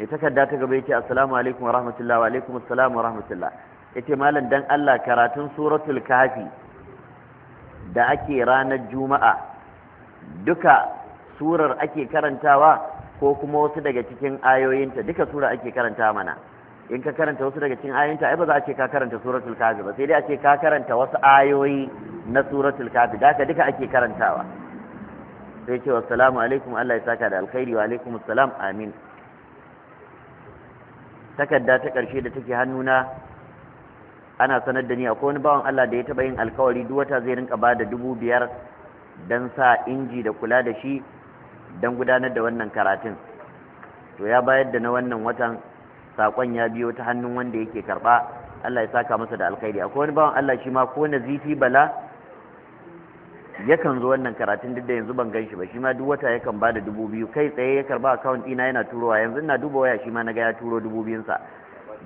S1: mai takarda ta gaba yake assalamu alaikum wa rahmatullah wa alaikum assalam wa rahmatullah yace malam dan Allah karatun suratul kahfi da ake ranar juma'a duka surar ake karantawa ko kuma wasu daga cikin ayoyinta duka sura ake karantawa mana in ka karanta wasu daga cikin ayoyinta ai ba za a ce ka karanta suratul kafi ba sai dai a ce ka karanta wasu ayoyi na suratul kafi da haka duka ake karantawa sai ce wassalamu alaikum Allah ya saka da alkhairi wa alaikum assalam amin takarda ta karshe da take hannuna ana sanar da ni akwai wani bawan Allah da ya taba yin alkawari duk wata zai rinka ba da dubu biyar don sa inji da kula da shi don gudanar da wannan karatun to ya bayar da na wannan watan sakon ya biyo ta hannun wanda yake karba Allah ya saka masa da alkhairi akwai wani bawan Allah shi ma ko zifi bala yakan zo wannan karatun duk da yanzu ban gan shi ba shi ma duk wata yakan bada dubu biyu kai tsaye ya karba account ɗina yana turowa yanzu ina duba waya shi ma na ga ya turo dubu biyun sa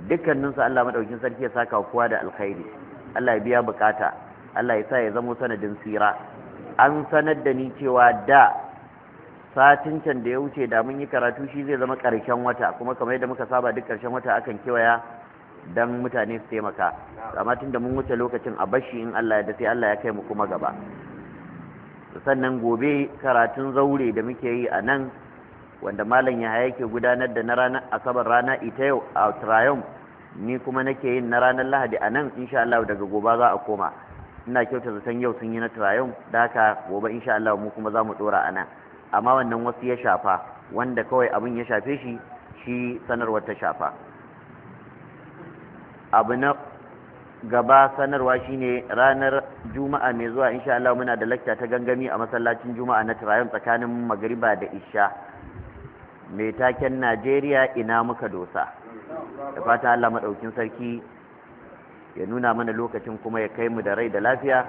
S1: dukkanin su Allah madaukin sarki ya saka kowa da alkhairi Allah ya biya bukata Allah ya sa ya zama sanadin sira an sanar da ni cewa da satin can da ya wuce da mun yi karatu shi zai zama ƙarshen wata kuma kamar yadda muka saba duk ƙarshen wata akan kewaya dan mutane su taimaka amma tun da mun wuce lokacin a bashi in Allah ya dace Allah ya kai mu kuma gaba sannan gobe karatun zaure da muke yi a nan wanda malam ya yake gudanar da na ranar asabar rana ita yau a trayon ni kuma nake yin na ranar lahadi a nan insha Allah daga gobe za a koma ina kyauta zaton yau sun yi na trayon da haka gobe insha Allah mu kuma za mu dora a nan amma wannan wasu ya shafa wanda kawai abin ya shafe shi shi sanarwar ta shafa abu na gaba sanarwa shine ranar juma'a mai zuwa insha Allah muna da lakta ta gangami a masallacin juma'a na turayen tsakanin magariba da isha mai taken najeriya ina muka dosa da fata Allah maɗaukin sarki ya nuna mana lokacin kuma ya kai mu da rai da lafiya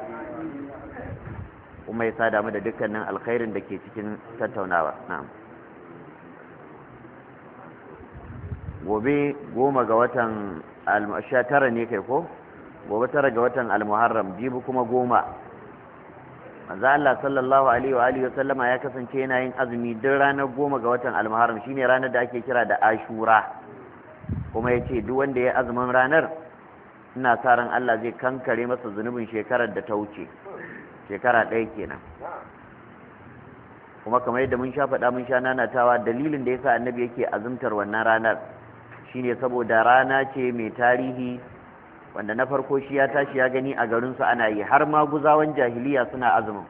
S1: kuma ya sada mu da dukkanin alkhairin da ke cikin tattaunawa na'am gobe goma ga watan sha tara ne kai ko gobe tara ga watan almuharram jibi kuma goma manzo Allah sallallahu alaihi wa alihi wasallama ya kasance yana yin azumi duk ranar goma ga watan almuharram shine ranar da ake kira da ashura kuma yace duk wanda ya azumin ranar ina sa ran Allah zai kankare masa zunubin shekarar da ta wuce shekara ɗaya kenan kuma kamar yadda mun sha faɗa mun sha nanatawa dalilin da yasa annabi yake azumtar wannan ranar shine saboda rana ce mai tarihi wanda na farko shi ya tashi ya gani a garinsu ana yi har ma guzawan jahiliya suna azumin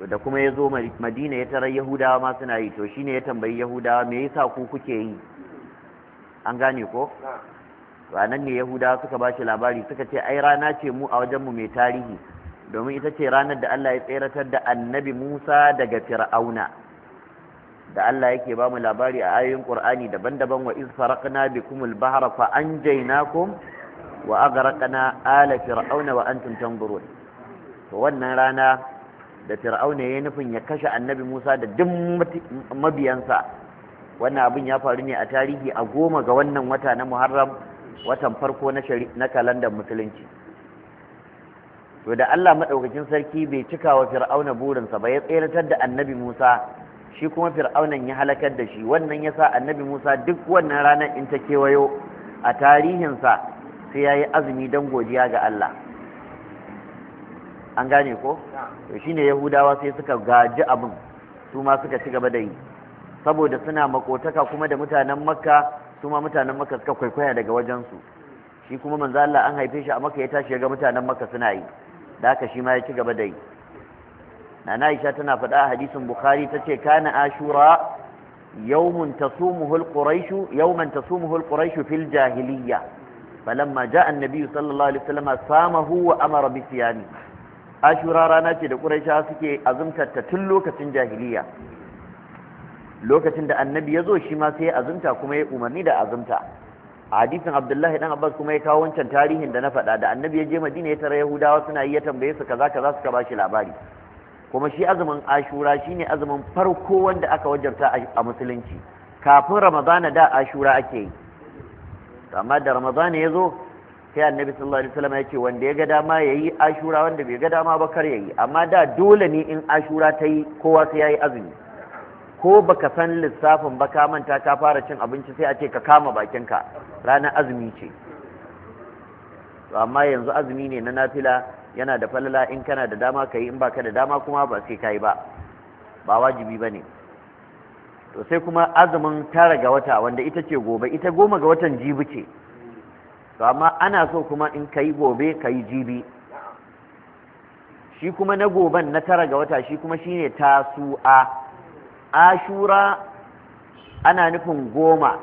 S1: to da kuma ya zo madina ya tarar yahudawa ma suna yi to shine ya tambayi yahudawa me yasa ku kuke yi an gane ko ranar ne yahudawa suka ba shi labari suka ce ai rana ce mu a wajenmu mai tarihi domin ita ce ranar da Allah ya tseratar da annabi Musa daga fir'auna da Allah yake ba mu labari a ayoyin Qur'ani daban-daban wa iz faraqna bikumul bahra fa anjaynakum wa aghraqna ala fir'auna wa antum tanzurun to wannan rana da fir'auna ya nufin ya kashe annabi Musa da duk mabiyansa wannan abin ya faru ne a tarihi a goma ga wannan wata na Muharram watan farko na kalandar musulunci to da Allah maɗaukacin sarki bai cika wa fir'auna burinsa ba ya tseratar da annabi Musa shi kuma fir'aunan ya halakar da shi wannan yasa annabi Musa duk wannan ranar in ta kewayo a tarihinsa sai ya azumi dan godiya ga Allah an gane ko? to shine yahudawa sai suka gaji abin su ma suka ci gaba da yi saboda suna makotaka kuma da mutanen makka su ma mutanen maka suka kwaikwaya daga wajensu shi kuma manzo Allah an haife shi a maka ya tashi ya ga mutanen maka suna yi da haka shi ma ya ci gaba da yi nana Aisha tana faɗa a hadisin Bukhari ce kana ashura yawmun tasumuhu al yawman tasumuhu fil jahiliyya falamma jaa an sallallahu alaihi wasallam samahu wa amara bi siyami ashura rana ce da quraisha suke azumtar ta tun lokacin jahiliya. lokacin da annabi ya zo shi ma sai ya azumta kuma ya umarni da azumta a hadisin abdullahi dan abbas kuma ya kawo wancan tarihin da na faɗa da annabi ya je madina ya tara yahudawa suna yi ya tambaye su kaza kaza suka bashi labari kuma shi azumin ashura shine azumin farko wanda aka wajarta a musulunci kafin ramadana da ashura ake yi amma da ramadana ya zo sai annabi sallallahu alaihi wasallam ya ce wanda ya ga dama yayi ashura wanda bai ga dama ba kar yayi amma da dole ne in ashura ta yi kowa sai yayi azumi ko baka san lissafin ba ka manta ka fara cin abinci sai a ce ka kama bakinka ranar azumi ce amma yanzu azumi ne na nafila yana da falala in kana da dama ka yi in baka da dama kuma ba sai ka yi ba ba wajibi ba ne to sai kuma azumin tara ga wata wanda ita ce gobe ita goma ga watan jibi ce to amma ana so kuma in ka yi gobe ka yi jibi shi kuma na goben na tara ga wata shi kuma shine tasu'a ashura ana nufin goma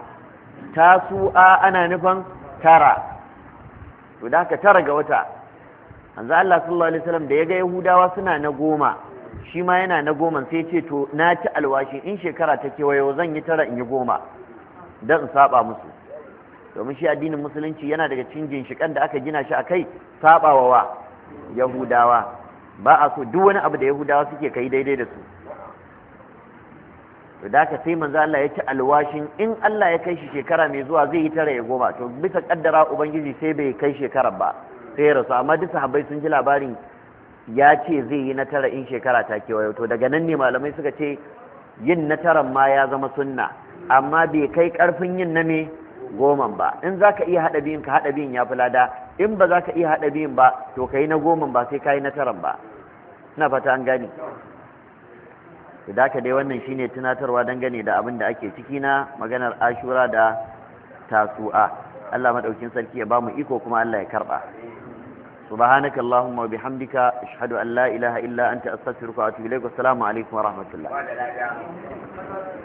S1: tasu'a ana nufin tara to da ka tara ga wata anzu Allah sallallahu alaihi wasallam da ya ga yahudawa suna na goma shi ma yana na goma sai ce to na ci alwashi in shekara ta kewayo zan yi tara in yi goma don in saba musu domin shi addinin musulunci yana daga cikin ginshikan da aka gina shi a kai sabawa wa yahudawa ba a so duk wani abu da yahudawa suke kai daidai da su to da ka sai manzo Allah ya ci alwashin in Allah ya kai shi shekara mai zuwa zai yi tara ya goma to bisa kaddara ubangiji sai bai kai shekarar ba sai ya rasu amma duk sahabbai sun ji labarin ya ce zai yi natara in shekara ta kewaye to daga nan ne malamai suka ce yin na ma ya zama sunna amma bai kai karfin yin na me goman ba in za ka iya haɗa biyun ka haɗa biyun ya fi lada in ba za ka iya haɗa biyun ba to ka yi na goman ba sai ka yi na ba ina fata an gani da ka dai wannan shine tunatarwa dangane da abin da ake ciki na maganar ashura da tasu'a Allah madaukin sarki ya ba mu iko kuma Allah ya karba subhanaka allahumma wa bihamdika ashhadu an la ilaha illa anta astaghfiruka wa atubu ilaik assalamu alaikum wa rahmatullah